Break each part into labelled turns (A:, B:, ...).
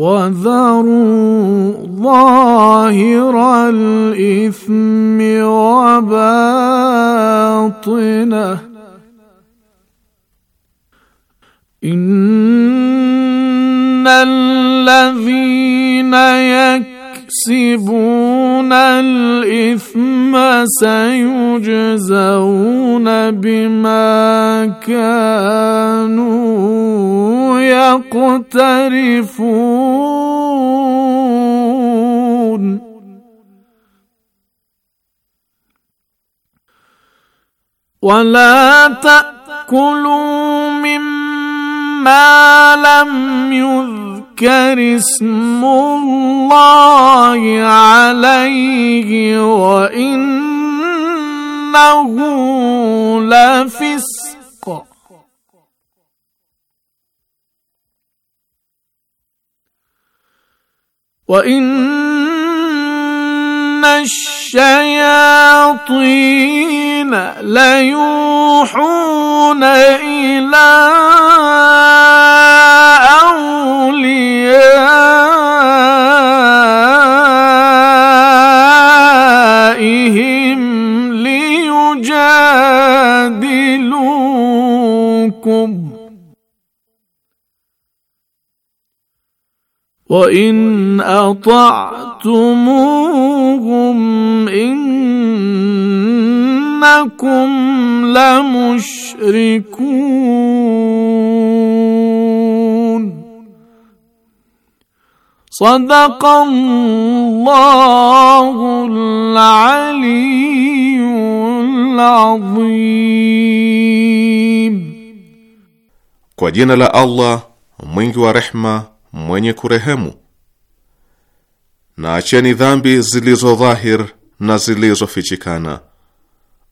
A: وذروا ظاهر الإثم وباطنه إن الذين يكسبون الإثم سيجزون بما كانوا يقترفون ولا تأكلوا مما لم يذكر اسم الله عليه وإن إنه لفسق وإن الشياطين ليوحون إلى أوليائهم يجادلوكم وان اطعتموهم انكم لمشركون صدق الله العلي azim.
B: Kwa jina la Allah mwingi wa rehma mwenye kurehemu. Na acheni dhambi zilizo dhahir na zilizofichikana.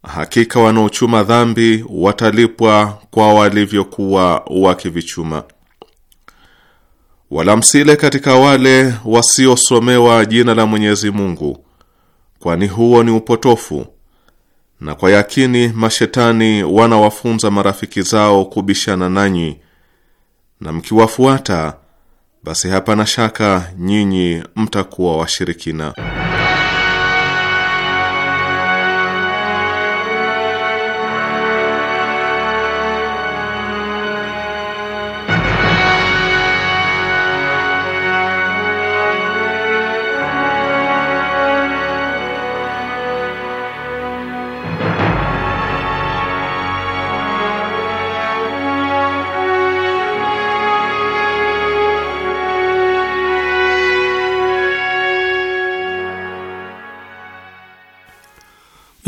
B: Hakika wanaochuma dhambi watalipwa kwa walivyokuwa wakivichuma. Wala msile katika wale wasiosomewa jina la Mwenyezi Mungu, kwani huo ni upotofu. Na kwa yakini mashetani wanawafunza marafiki zao kubishana nanyi, na
C: mkiwafuata, basi hapana shaka nyinyi mtakuwa washirikina.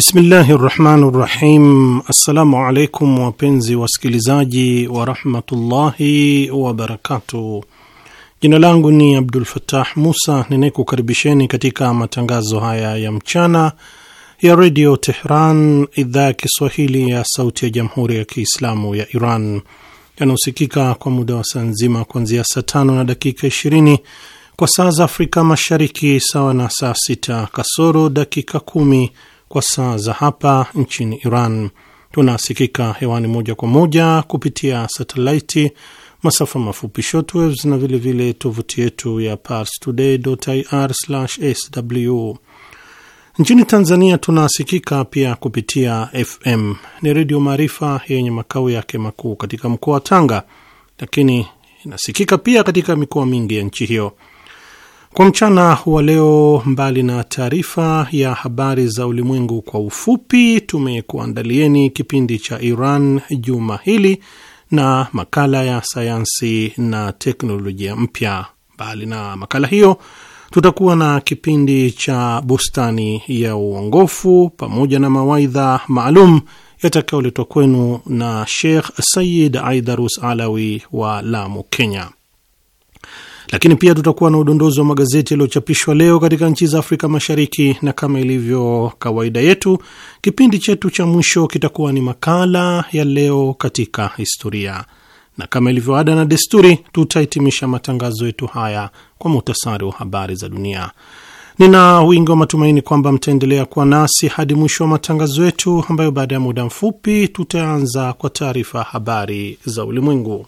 D: Bismillahi rahmani rahim. Assalamu alaikum wapenzi wasikilizaji warahmatullahi wabarakatuh. Jina langu ni Abdul Fattah Musa ninayekukaribisheni katika matangazo haya ya mchana ya redio Tehran, idhaa ya Kiswahili ya sauti ya jamhuri ya Kiislamu ya Iran yanaosikika kwa muda wa saa nzima kuanzia saa tano na dakika 20 kwa saa za Afrika Mashariki, sawa na saa sita kasoro dakika kumi kwa saa za hapa nchini Iran. Tunasikika hewani moja kwa moja kupitia satelaiti, masafa mafupi shortwaves na vilevile tovuti yetu ya parstoday.ir/sw. Nchini Tanzania tunasikika pia kupitia FM ni Redio Maarifa yenye makao yake makuu katika mkoa wa Tanga, lakini inasikika pia katika mikoa mingi ya nchi hiyo. Kwa mchana wa leo, mbali na taarifa ya habari za ulimwengu kwa ufupi, tumekuandalieni kipindi cha Iran juma hili na makala ya sayansi na teknolojia mpya. Mbali na makala hiyo, tutakuwa na kipindi cha bustani ya uongofu pamoja na mawaidha maalum yatakayoletwa kwenu na Sheikh Sayid Aidarus Alawi wa Lamu, Kenya. Lakini pia tutakuwa na udondozi wa magazeti yaliyochapishwa leo katika nchi za Afrika Mashariki, na kama ilivyo kawaida yetu, kipindi chetu cha mwisho kitakuwa ni makala ya leo katika historia, na kama ilivyo ada na desturi, tutahitimisha matangazo yetu haya kwa muhtasari wa habari za dunia. Nina wingi wa matumaini kwamba mtaendelea kuwa nasi hadi mwisho wa matangazo yetu, ambayo baada ya muda mfupi tutaanza kwa taarifa habari za ulimwengu.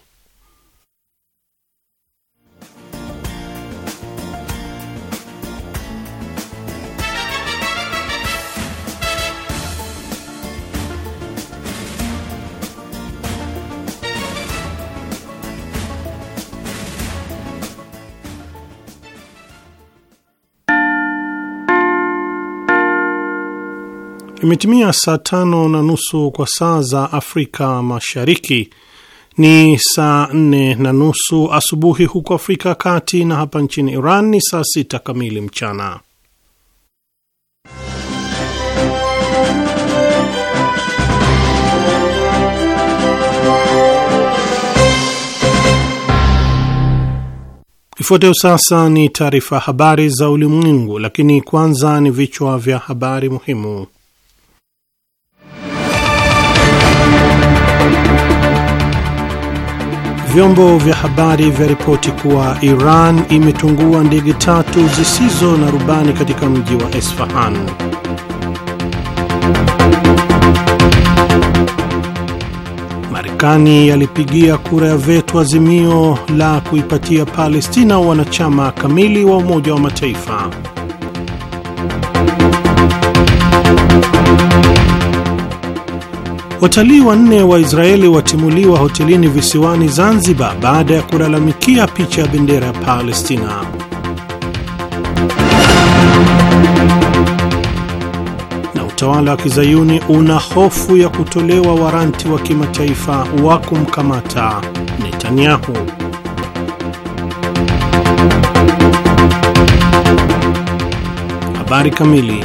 D: Imetimia saa tano na nusu kwa saa za Afrika Mashariki, ni saa nne na nusu asubuhi huko Afrika ya Kati, na hapa nchini Iran ni saa sita kamili mchana. Ifuatayo sasa ni taarifa habari za ulimwengu, lakini kwanza ni vichwa vya habari muhimu. vyombo vya habari vya ripoti kuwa Iran imetungua ndege tatu zisizo na rubani katika mji wa Esfahan. Marekani yalipigia kura ya veto azimio la kuipatia Palestina wanachama kamili wa Umoja wa Mataifa. Watalii wanne wa Israeli watimuliwa hotelini visiwani Zanzibar baada ya kulalamikia picha ya bendera ya Palestina. Na utawala wa kizayuni una hofu ya kutolewa waranti wa kimataifa wa kumkamata Netanyahu. Habari kamili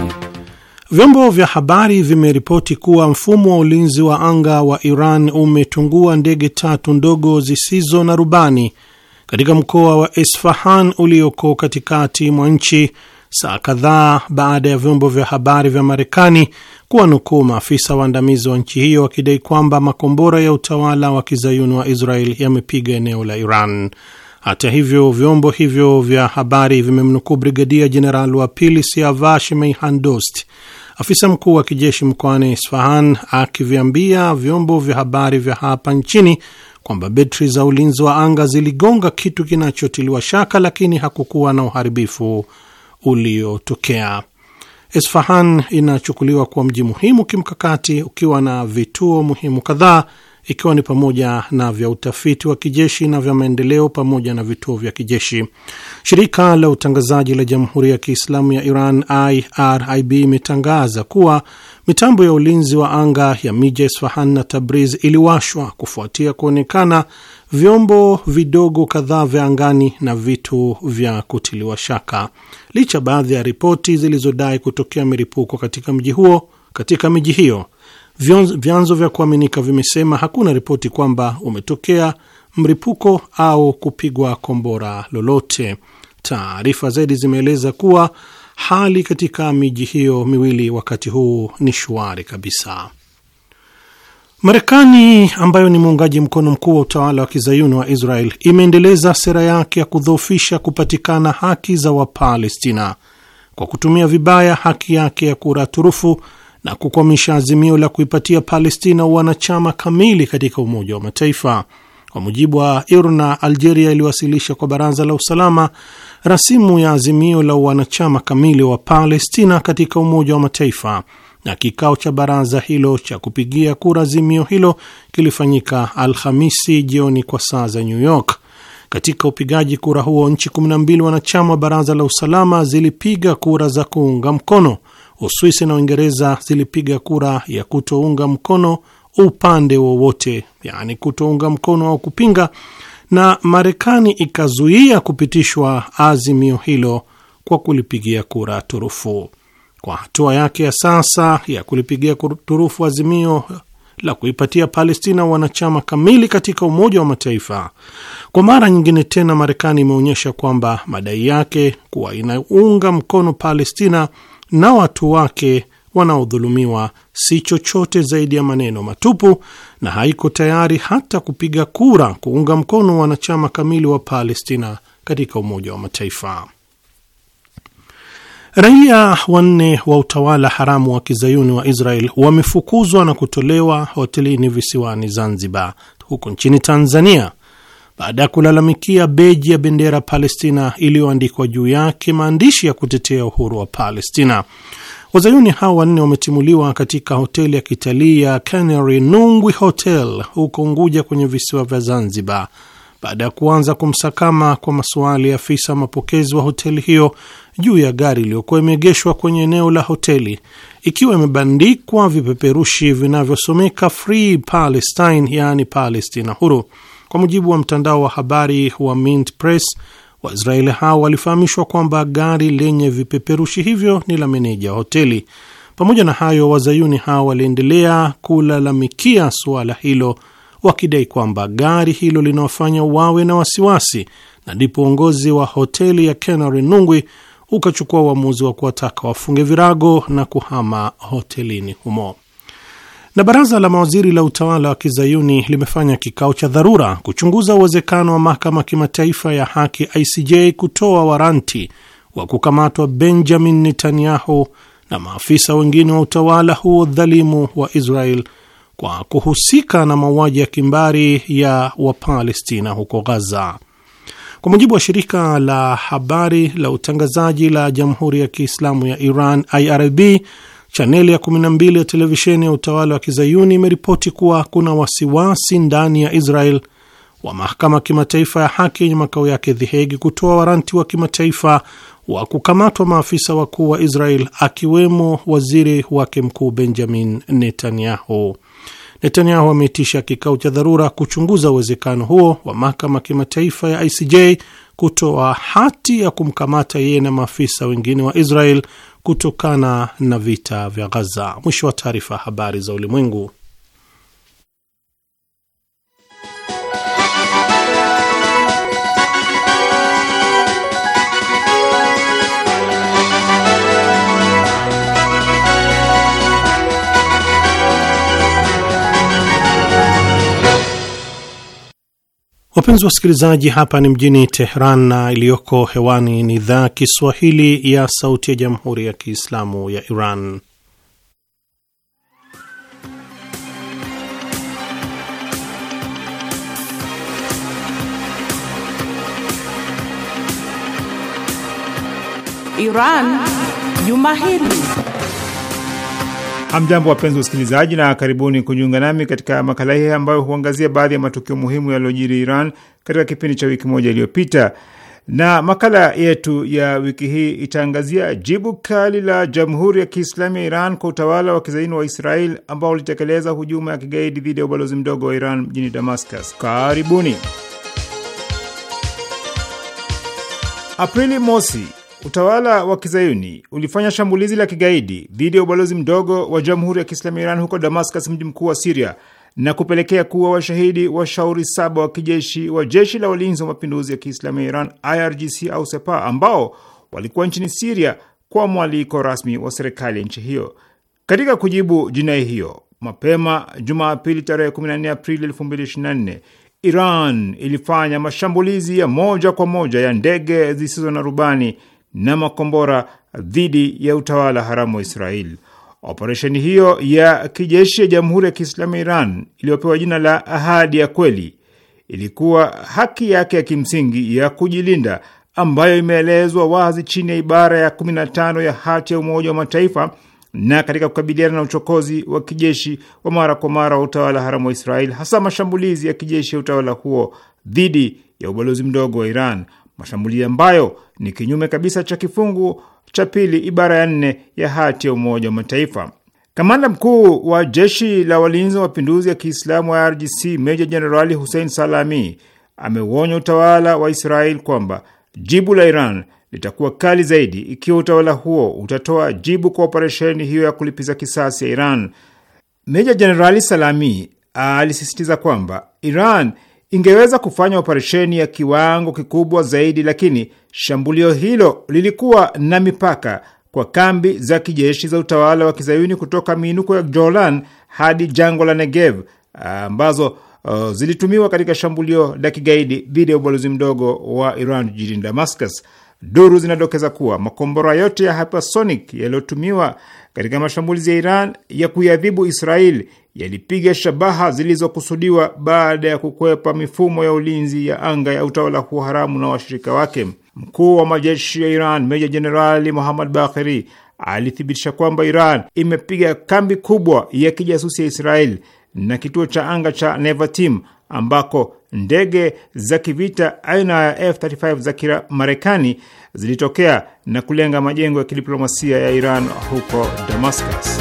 D: Vyombo vya habari vimeripoti kuwa mfumo wa ulinzi wa anga wa Iran umetungua ndege tatu ndogo zisizo na rubani katika mkoa wa Esfahan ulioko katikati mwa nchi saa kadhaa baada ya vyombo vya habari vya Marekani kuwanukuu maafisa waandamizi wa nchi hiyo wakidai kwamba makombora ya utawala wa kizayuni wa Israel yamepiga eneo la Iran. Hata hivyo, vyombo hivyo vya habari vimemnukuu brigedia Jeneral wa pili Siavash Afisa mkuu wa kijeshi mkoani Isfahan akiviambia vyombo vya habari vya hapa nchini kwamba betri za ulinzi wa anga ziligonga kitu kinachotiliwa shaka, lakini hakukuwa na uharibifu uliotokea. Isfahan inachukuliwa kuwa mji muhimu kimkakati ukiwa na vituo muhimu kadhaa ikiwa ni pamoja na vya utafiti wa kijeshi na vya maendeleo pamoja na vituo vya kijeshi. Shirika la utangazaji la Jamhuri ya Kiislamu ya Iran IRIB imetangaza kuwa mitambo ya ulinzi wa anga ya miji ya Isfahan na Tabriz iliwashwa kufuatia kuonekana vyombo vidogo kadhaa vya angani na vitu vya kutiliwa shaka, licha baadhi ya ripoti zilizodai kutokea milipuko katika mji huo katika miji hiyo Vyanzo vya kuaminika vimesema hakuna ripoti kwamba umetokea mripuko au kupigwa kombora lolote. Taarifa zaidi zimeeleza kuwa hali katika miji hiyo miwili wakati huu ni shwari kabisa. Marekani ambayo ni muungaji mkono mkuu wa utawala wa kizayuni wa Israel imeendeleza sera yake ya kudhoofisha kupatikana haki za Wapalestina kwa kutumia vibaya haki yake ya kura turufu na kukwamisha azimio la kuipatia Palestina wanachama kamili katika Umoja wa Mataifa. Kwa mujibu wa IRNA, Algeria iliwasilisha kwa Baraza la Usalama rasimu ya azimio la wanachama kamili wa Palestina katika Umoja wa Mataifa, na kikao cha baraza hilo cha kupigia kura azimio hilo kilifanyika Alhamisi jioni kwa saa za New York. Katika upigaji kura huo, nchi 12 wanachama wa Baraza la Usalama zilipiga kura za kuunga mkono Uswisi na Uingereza zilipiga kura ya kutounga mkono upande wowote, yaani kutounga mkono au kupinga, na Marekani ikazuia kupitishwa azimio hilo kwa kulipigia kura turufu. Kwa hatua yake ya sasa ya kulipigia turufu azimio la kuipatia Palestina wanachama kamili katika Umoja wa Mataifa, kwa mara nyingine tena Marekani imeonyesha kwamba madai yake kuwa inaunga mkono Palestina na watu wake wanaodhulumiwa si chochote zaidi ya maneno matupu na haiko tayari hata kupiga kura kuunga mkono wanachama kamili wa Palestina katika Umoja wa Mataifa. Raia wanne wa utawala haramu wa kizayuni wa Israel wamefukuzwa na kutolewa hotelini visiwani Zanzibar. Huko nchini Tanzania, baada ya kulalamikia beji ya bendera Palestina iliyoandikwa juu yake maandishi ya kutetea uhuru wa Palestina. Wazayuni hao wanne wametimuliwa katika hoteli ya kitalii ya Canary Nungwi Hotel huko Unguja kwenye visiwa vya Zanzibar baada ya kuanza kumsakama kwa masuali afisa mapokezi wa hoteli hiyo juu ya gari iliyokuwa imeegeshwa kwenye eneo la hoteli ikiwa imebandikwa vipeperushi vinavyosomeka Free Palestine, yaani Palestina huru. Kwa mujibu wa mtandao wa habari wa Mint Press, Waisraeli hao walifahamishwa kwamba gari lenye vipeperushi hivyo ni la meneja hoteli. Pamoja na hayo, wazayuni hao waliendelea kulalamikia suala hilo wakidai kwamba gari hilo linawafanya wawe na wasiwasi, na ndipo uongozi wa hoteli ya Canary Nungwi ukachukua uamuzi wa kuwataka wafunge virago na kuhama hotelini humo. Na baraza la mawaziri la utawala wa kizayuni limefanya kikao cha dharura kuchunguza uwezekano wa mahakama kimataifa ya haki ICJ kutoa waranti wa kukamatwa Benjamin Netanyahu na maafisa wengine wa utawala huo dhalimu wa Israel kwa kuhusika na mauaji ya kimbari ya Wapalestina huko Gaza. Kwa mujibu wa shirika la habari la utangazaji la Jamhuri ya Kiislamu ya Iran IRIB, Chaneli ya 12 ya televisheni ya utawala wa kizayuni imeripoti kuwa kuna wasiwasi ndani ya Israel wa mahakama kimataifa ya haki yenye makao yake The Hague kutoa waranti wa kimataifa wa kukamatwa maafisa wakuu wa Israel akiwemo waziri wake mkuu Benjamin Netanyahu. Netanyahu ameitisha kikao cha dharura kuchunguza uwezekano huo wa mahakama kimataifa ya ICJ kutoa hati ya kumkamata yeye na maafisa wengine wa Israel kutokana na vita vya Ghaza. Mwisho wa taarifa. Habari za Ulimwengu. Wapenzi wa wasikilizaji, hapa ni mjini Tehran na iliyoko hewani ni idhaa Kiswahili ya Sauti ya Jamhuri ya Kiislamu ya Iran.
E: Iran Juma Hili.
C: Hamjambo, wapenzi wasikilizaji, na karibuni kujiunga nami katika makala hii ambayo huangazia baadhi ya matukio muhimu yaliyojiri Iran katika kipindi cha wiki moja iliyopita. Na makala yetu ya wiki hii itaangazia jibu kali la Jamhuri ya Kiislamu ya Iran kwa utawala wa kizaini wa Israel ambao ulitekeleza hujuma ya kigaidi dhidi ya ubalozi mdogo wa Iran mjini Damascus. Karibuni. Aprili mosi Utawala wa kizayuni ulifanya shambulizi la kigaidi dhidi ya ubalozi mdogo wa jamhuri ya kiislamu ya Iran huko Damascus, mji mkuu wa Siria, na kupelekea kuwa washahidi washauri saba wa kijeshi wa jeshi la walinzi wa mapinduzi ya kiislamu ya Iran, IRGC au Sepa, ambao walikuwa nchini Siria kwa mwaliko rasmi wa serikali ya nchi hiyo. Katika kujibu jinai hiyo, mapema Jumapili tarehe 14 Aprili 2024 Iran ilifanya mashambulizi ya moja kwa moja ya ndege zisizo na rubani na makombora dhidi ya utawala haramu wa Israeli. Operesheni hiyo ya kijeshi ya Jamhuri ya Kiislamu ya Iran iliyopewa jina la Ahadi ya Kweli ilikuwa haki yake ya kimsingi ya kujilinda ambayo imeelezwa wazi chini ya ibara ya 15 ya hati ya Umoja wa Mataifa na katika kukabiliana na uchokozi wa kijeshi wa mara kwa mara wa utawala haramu wa Israeli, hasa mashambulizi ya kijeshi ya utawala huo dhidi ya ubalozi mdogo wa Iran mashambulio ambayo ni kinyume kabisa cha kifungu cha pili ibara ya nne ya hati ya Umoja wa Mataifa. Kamanda mkuu wa jeshi la walinzi wa mapinduzi ya Kiislamu wa IRGC meja jenerali Hussein Salami ameuonya utawala wa israel kwamba jibu la Iran litakuwa kali zaidi ikiwa utawala huo utatoa jibu kwa operesheni hiyo ya kulipiza kisasi ya Iran. Meja jenerali Salami alisisitiza kwamba Iran ingeweza kufanya operesheni ya kiwango kikubwa zaidi, lakini shambulio hilo lilikuwa na mipaka kwa kambi za kijeshi za utawala wa kizayuni kutoka miinuko ya Golan hadi jangwa la Negev ambazo uh, zilitumiwa katika shambulio la kigaidi dhidi ya ubalozi mdogo wa Iran jijini Damascus. Duru zinadokeza kuwa makombora yote ya hypersonic yaliyotumiwa katika mashambulizi ya Iran ya kuiadhibu Israel yalipiga shabaha zilizokusudiwa baada ya kukwepa mifumo ya ulinzi ya anga ya utawala huo haramu na washirika wake. Mkuu wa majeshi ya Iran Meja Jenerali Muhammad Bagheri alithibitisha kwamba Iran imepiga kambi kubwa ya kijasusi ya Israel na kituo cha anga cha Nevatim ambako ndege za kivita aina ya F35 za Kimarekani zilitokea na kulenga majengo ya kidiplomasia ya Iran huko Damascus.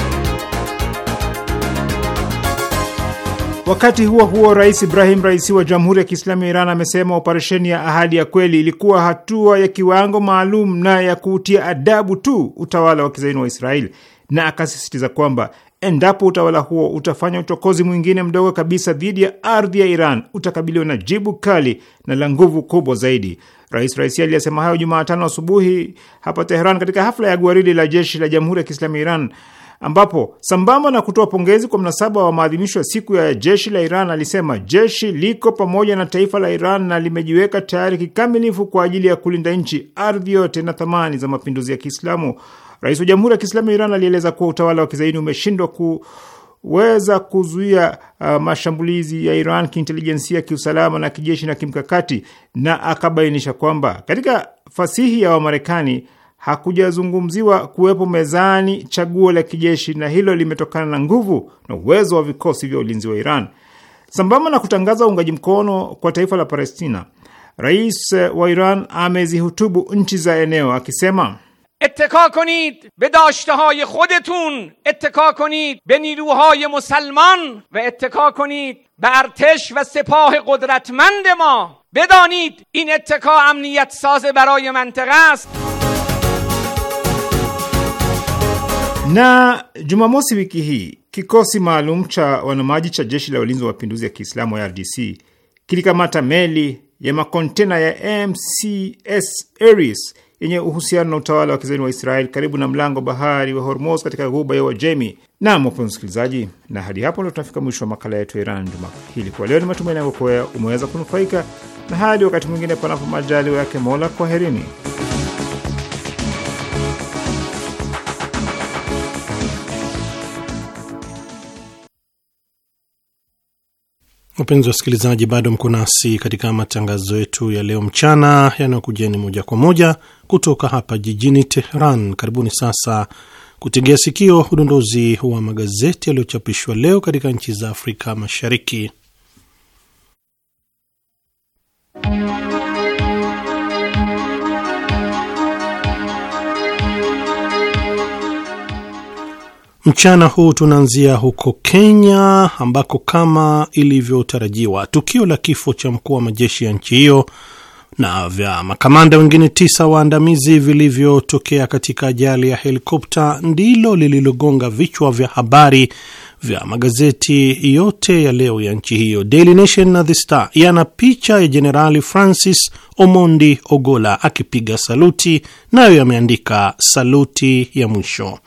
C: Wakati huo huo, Rais Ibrahim Raisi wa Jamhuri ya Kiislamu ya Iran amesema operesheni ya Ahadi ya Kweli ilikuwa hatua ya kiwango maalum na ya kuutia adabu tu utawala wa kizaini wa Israeli na akasisitiza kwamba Endapo utawala huo utafanya uchokozi mwingine mdogo kabisa dhidi ya ardhi ya Iran, utakabiliwa na jibu kali na la nguvu kubwa zaidi. Rais Raisi aliyesema hayo Jumatano asubuhi hapa Teheran, katika hafla ya gwaridi la jeshi la Jamhuri ya Kiislamu ya Iran, ambapo sambamba na kutoa pongezi kwa mnasaba wa maadhimisho ya siku ya jeshi la Iran alisema jeshi liko pamoja na taifa la Iran na limejiweka tayari kikamilifu kwa ajili ya kulinda nchi, ardhi yote na thamani za mapinduzi ya Kiislamu. Rais wa Jamhuri ya Kiislamu ya Iran alieleza kuwa utawala wa kizaini umeshindwa kuweza kuzuia uh, mashambulizi ya Iran kiintelijensia, kiusalama na kijeshi na kimkakati, na akabainisha kwamba katika fasihi ya Wamarekani hakujazungumziwa kuwepo mezani chaguo la kijeshi, na hilo limetokana na nguvu na uwezo wa vikosi vya ulinzi wa Iran. Sambamba na kutangaza uungaji mkono kwa taifa la Palestina, rais wa Iran amezihutubu nchi za eneo akisema
A: اتکا کنید به داشته های خودتون اتکا کنید به نیروهای مسلمان و
C: اتکا کنید به ارتش و سپاه قدرتمند ما بدانید این اتکا امنیت ساز برای منطقه است Na Jumamosi wiki hii kikosi maalum cha wanamaji و jeshi la ulinzi wa mapinduzi ya Kiislamu ya ملی kilikamata meli ya makontena سی MCS Aries yenye uhusiano na utawala wa kizayuni wa Israeli karibu na mlango bahari wa Hormuz katika ghuba ya Uajemi. Naam, wapenzi msikilizaji, na hadi hapo ndo tunafika mwisho wa makala yetu ya Iran juma hili kwa leo. Ni matumaini yangu kuwa umeweza kunufaika, na hadi wakati mwingine, panapo majaliwa yake Mola, kwaherini.
D: Wapenzi wasikilizaji, bado mko nasi katika matangazo yetu ya leo mchana yanayokujeni moja kwa moja kutoka hapa jijini Tehran. Karibuni sasa kutegea sikio udondozi wa magazeti yaliyochapishwa leo katika nchi za Afrika Mashariki. Mchana huu tunaanzia huko Kenya ambako kama ilivyotarajiwa tukio la kifo cha mkuu wa majeshi ya nchi hiyo na vya makamanda wengine tisa waandamizi vilivyotokea katika ajali ya helikopta ndilo lililogonga vichwa vya habari vya magazeti yote ya leo ya nchi hiyo. Daily Nation na The Star yana picha ya Jenerali Francis Omondi Ogola akipiga saluti, nayo yameandika saluti ya mwisho.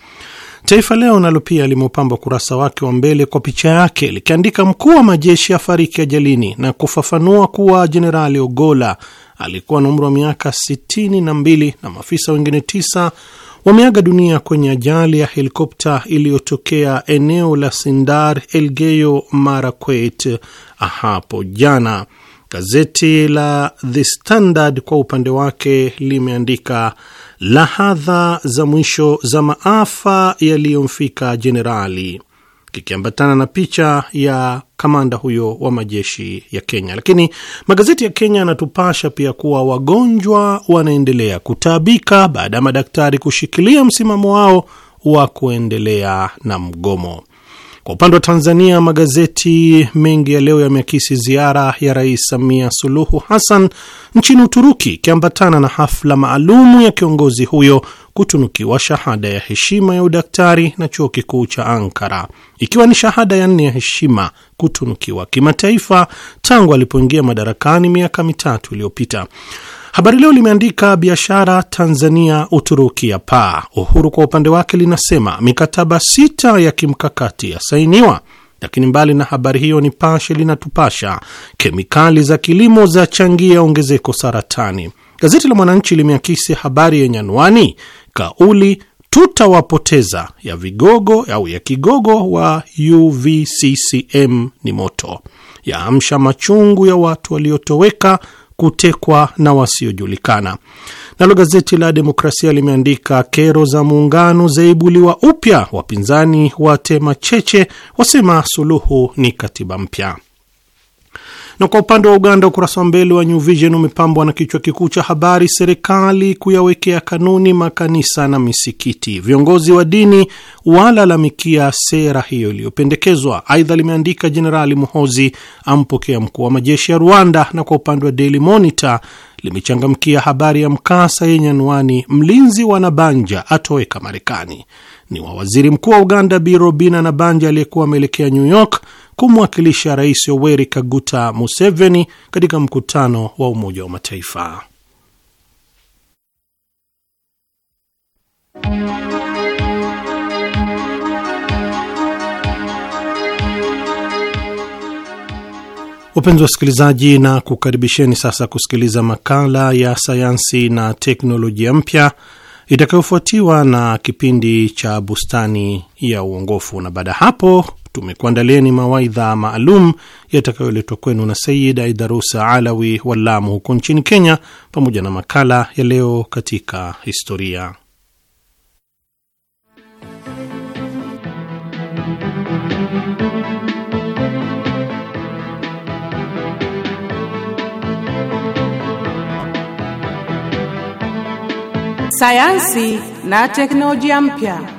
D: Taifa Leo nalo pia limeupamba ukurasa wake wa mbele kwa picha yake likiandika, mkuu wa majeshi afariki ajalini, na kufafanua kuwa Jenerali Ogola alikuwa na umri wa miaka 62 na maafisa wengine tisa wameaga dunia kwenye ajali ya helikopta iliyotokea eneo la Sindar Elgeyo Marakwet hapo jana. Gazeti la The Standard kwa upande wake limeandika lahadha za mwisho za maafa yaliyomfika jenerali kikiambatana na picha ya kamanda huyo wa majeshi ya Kenya. Lakini magazeti ya Kenya yanatupasha pia kuwa wagonjwa wanaendelea kutaabika baada ya madaktari kushikilia msimamo wao wa kuendelea na mgomo. Kwa upande wa Tanzania, magazeti mengi ya leo yameakisi ziara ya Rais Samia Suluhu Hassan nchini Uturuki ikiambatana na hafla maalumu ya kiongozi huyo kutunukiwa shahada ya heshima ya udaktari na chuo kikuu cha Ankara, ikiwa ni shahada ya nne ya heshima kutunukiwa kimataifa tangu alipoingia madarakani miaka mitatu iliyopita. Habari Leo limeandika biashara Tanzania Uturuki ya paa. Uhuru kwa upande wake linasema mikataba sita ya kimkakati yasainiwa. Lakini mbali na habari hiyo, ni pashe linatupasha kemikali za kilimo za changia ongezeko saratani. Gazeti la Mwananchi limeakisi habari yenye anwani kauli tutawapoteza ya vigogo au ya kigogo wa UVCCM ni moto, yaamsha machungu ya watu waliotoweka kutekwa na wasiojulikana. Nalo gazeti la Demokrasia limeandika kero za muungano zaibuliwa upya, wapinzani watema cheche, wasema suluhu ni katiba mpya. Na kwa upande wa Uganda, ukurasa wa mbele wa New Vision umepambwa na kichwa kikuu cha habari, serikali kuyawekea kanuni makanisa na misikiti, viongozi wa dini walalamikia sera hiyo iliyopendekezwa. Aidha limeandika Jenerali Muhozi ampokea mkuu wa majeshi ya Rwanda, na kwa upande wa Daily Monitor limechangamkia habari ya mkasa yenye anwani mlinzi wa Nabanja atoweka Marekani. Ni wa waziri mkuu wa Uganda Bi Robina Nabanja aliyekuwa ameelekea New York kumwakilisha Rais Yoweri Kaguta Museveni katika mkutano wa Umoja wa Mataifa. Wapenzi wasikilizaji, na kukaribisheni sasa kusikiliza makala ya sayansi na teknolojia mpya itakayofuatiwa na kipindi cha bustani ya uongofu, na baada ya hapo tumekuandalieni mawaidha maalum yatakayoletwa kwenu na Sayid Aidarusa Alawi wa Lamu huko nchini Kenya, pamoja na makala ya leo katika historia.
F: Sayansi na teknolojia mpya.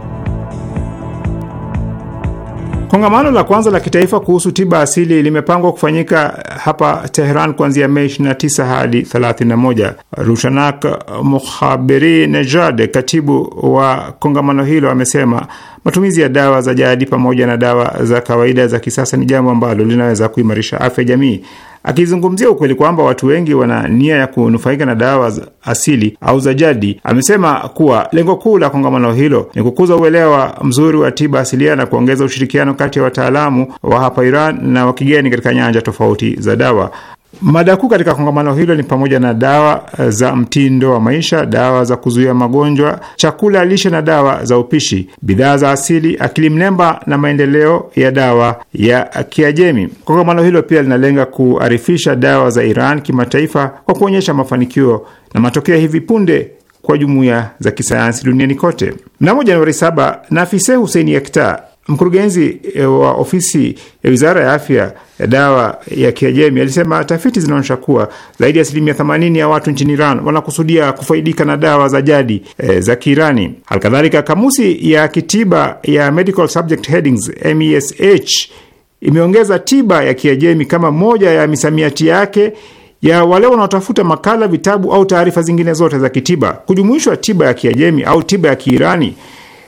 C: Kongamano la kwanza la kitaifa kuhusu tiba asili limepangwa kufanyika hapa teheran kuanzia Mei 29 hadi 31. Rushanak Mukhabiri Nejad, katibu wa kongamano hilo, amesema matumizi ya dawa za jadi pamoja na dawa za kawaida za kisasa ni jambo ambalo linaweza kuimarisha afya jamii. Akizungumzia ukweli kwamba watu wengi wana nia ya kunufaika na dawa za asili au za jadi, amesema kuwa lengo kuu la kongamano hilo ni kukuza uelewa mzuri wa tiba asilia na kuongeza ushirikiano kati ya wataalamu wa hapa Iran na wa kigeni katika nyanja tofauti za dawa. Mada kuu katika kongamano hilo ni pamoja na dawa eh, za mtindo wa maisha, dawa za kuzuia magonjwa, chakula lishe na dawa za upishi, bidhaa za asili, akili mnemba na maendeleo ya dawa ya Kiajemi. Kongamano hilo pia linalenga kuarifisha dawa za Iran kimataifa kwa kuonyesha mafanikio na matokeo hivi punde kwa jumuiya za kisayansi duniani kote. Mnamo Januari 7 Nafise Huseini Yakta Mkurugenzi eh, wa ofisi ya wizara ya afya ya eh, dawa ya Kiajemi alisema tafiti zinaonyesha kuwa zaidi ya asilimia 80 ya watu nchini Iran wanakusudia kufaidika na dawa za jadi e, za Kiirani. Halikadhalika, kamusi ya kitiba ya Medical Subject Headings mesh imeongeza tiba ya Kiajemi kama moja ya misamiati yake ya wale wanaotafuta makala, vitabu au taarifa zingine zote za kitiba. Kujumuishwa tiba ya Kiajemi au tiba ya Kiirani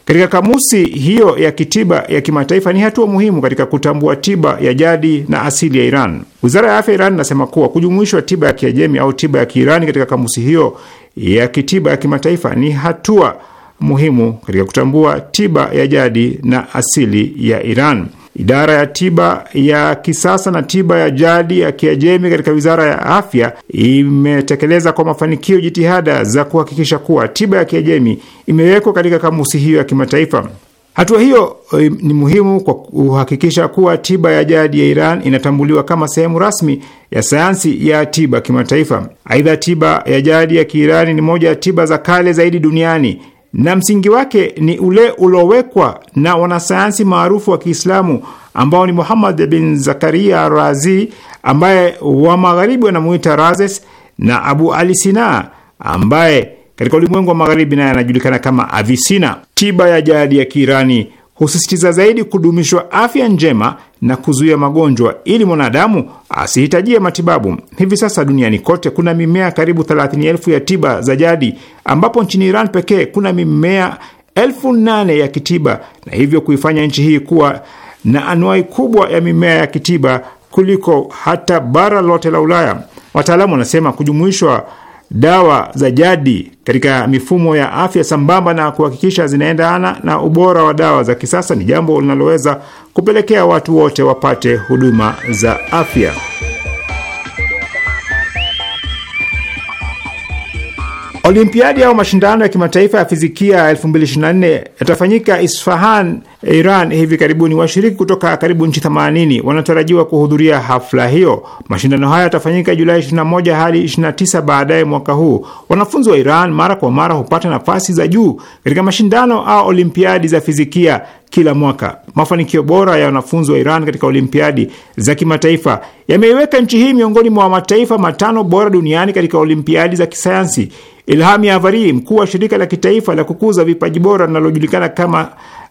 C: katika kamusi hiyo ya kitiba ya kimataifa ni hatua muhimu katika kutambua tiba ya jadi na asili ya Iran. Wizara ya afya Iran inasema kuwa kujumuishwa tiba ya Kiajemi au tiba ya Kiirani katika kamusi hiyo ya kitiba ya kimataifa ni hatua muhimu katika kutambua tiba ya jadi na asili ya Iran. Idara ya tiba ya kisasa na tiba ya jadi ya Kiajemi katika wizara ya afya imetekeleza kwa mafanikio jitihada za kuhakikisha kuwa tiba ya Kiajemi imewekwa katika kamusi hiyo ya kimataifa. Hatua hiyo eh, ni muhimu kwa kuhakikisha kuwa tiba ya jadi ya Iran inatambuliwa kama sehemu rasmi ya sayansi ya tiba kimataifa. Aidha, tiba ya jadi ya Kiirani ni moja ya tiba za kale zaidi duniani na msingi wake ni ule uliowekwa na wanasayansi maarufu wa Kiislamu ambao ni Muhammad bin Zakaria Razi ambaye wa magharibi wanamuita Razes na Abu Ali Sina ambaye katika ulimwengu wa magharibi naye anajulikana kama Avisina. Tiba ya jadi ya Kiirani husisitiza zaidi kudumishwa afya njema na kuzuia magonjwa ili mwanadamu asihitajie matibabu. Hivi sasa duniani kote kuna mimea karibu 3 ya tiba za jadi, ambapo nchini Iran pekee kuna mimea elfu ya kitiba na hivyo kuifanya nchi hii kuwa na anuai kubwa ya mimea ya kitiba kuliko hata bara lote la Ulaya. Wataalamu wanasema kujumuishwa dawa za jadi katika mifumo ya afya sambamba na kuhakikisha zinaendana na ubora wa dawa za kisasa ni jambo linaloweza kupelekea watu wote wapate huduma za afya. Olimpiadi au mashindano ya kimataifa ya fizikia 2024 yatafanyika Isfahan, Iran hivi karibuni. Washiriki kutoka karibu nchi 80 wanatarajiwa kuhudhuria hafla hiyo. Mashindano haya yatafanyika Julai 21 hadi 29 baadaye mwaka huu. Wanafunzi wa Iran mara kwa mara hupata nafasi za juu katika mashindano au olimpiadi za fizikia kila mwaka. Mafanikio bora ya wanafunzi wa Iran katika olimpiadi za kimataifa yameiweka nchi hii miongoni mwa mataifa matano bora duniani katika olimpiadi za kisayansi. Ilham Yavari, mkuu wa shirika la kitaifa la kukuza vipaji bora linalojulikana kama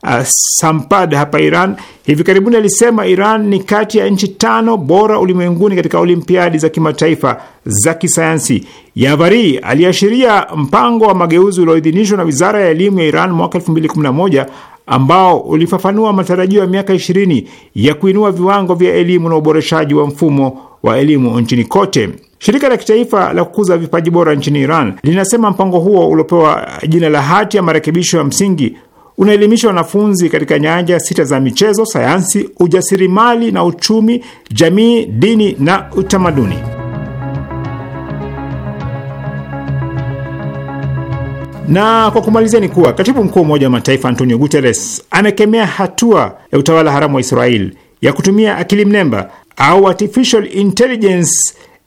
C: uh, Sampad hapa Iran, hivi karibuni alisema Iran ni kati ya nchi tano bora ulimwenguni katika olimpiadi za kimataifa za kisayansi. Yavari aliashiria mpango wa mageuzi ulioidhinishwa na wizara ya elimu ya Iran mwaka 2011 ambao ulifafanua matarajio ya miaka 20 ya kuinua viwango vya elimu na uboreshaji wa mfumo wa elimu nchini kote. Shirika la kitaifa la kukuza vipaji bora nchini Iran linasema mpango huo uliopewa jina la hati ya marekebisho ya msingi unaelimisha wanafunzi katika nyanja sita za michezo, sayansi, ujasiriamali na uchumi, jamii, dini na utamaduni. Na kwa kumalizia ni kuwa katibu mkuu wa Umoja wa Mataifa Antonio Guterres amekemea hatua ya utawala haramu wa Israeli ya kutumia akili mnemba au artificial intelligence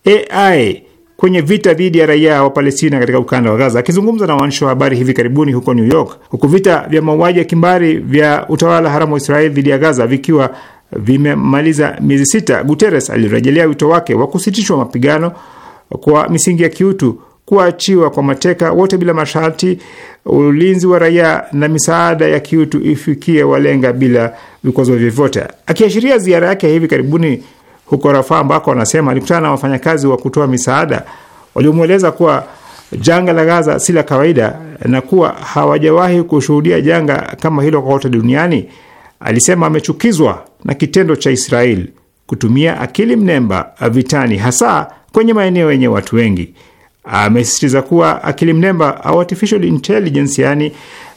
C: AI kwenye vita dhidi ya raia wa Palestina katika ukanda wa Gaza. Akizungumza na waandishi wa habari hivi karibuni huko New York, huku vita vya mauaji ya kimbari vya utawala haramu wa Israeli dhidi ya Gaza vikiwa vimemaliza miezi sita, Guterres alirejelea wito wake wa kusitishwa mapigano kwa misingi ya kiutu, kuachiwa kwa mateka wote bila masharti, ulinzi wa raia na misaada ya kiutu ifikie walenga bila vikwazo vyovyote, akiashiria ziara yake ya hivi karibuni huko Rafa, ambako anasema alikutana na wafanyakazi wa kutoa misaada waliomweleza kuwa janga la Gaza si la kawaida na kuwa hawajawahi kushuhudia janga kama hilo kote duniani. Alisema amechukizwa na kitendo cha Israel kutumia akili mnemba vitani, hasa kwenye maeneo yenye watu wengi. Amesisitiza kuwa akili mnemba au artificial intelligence,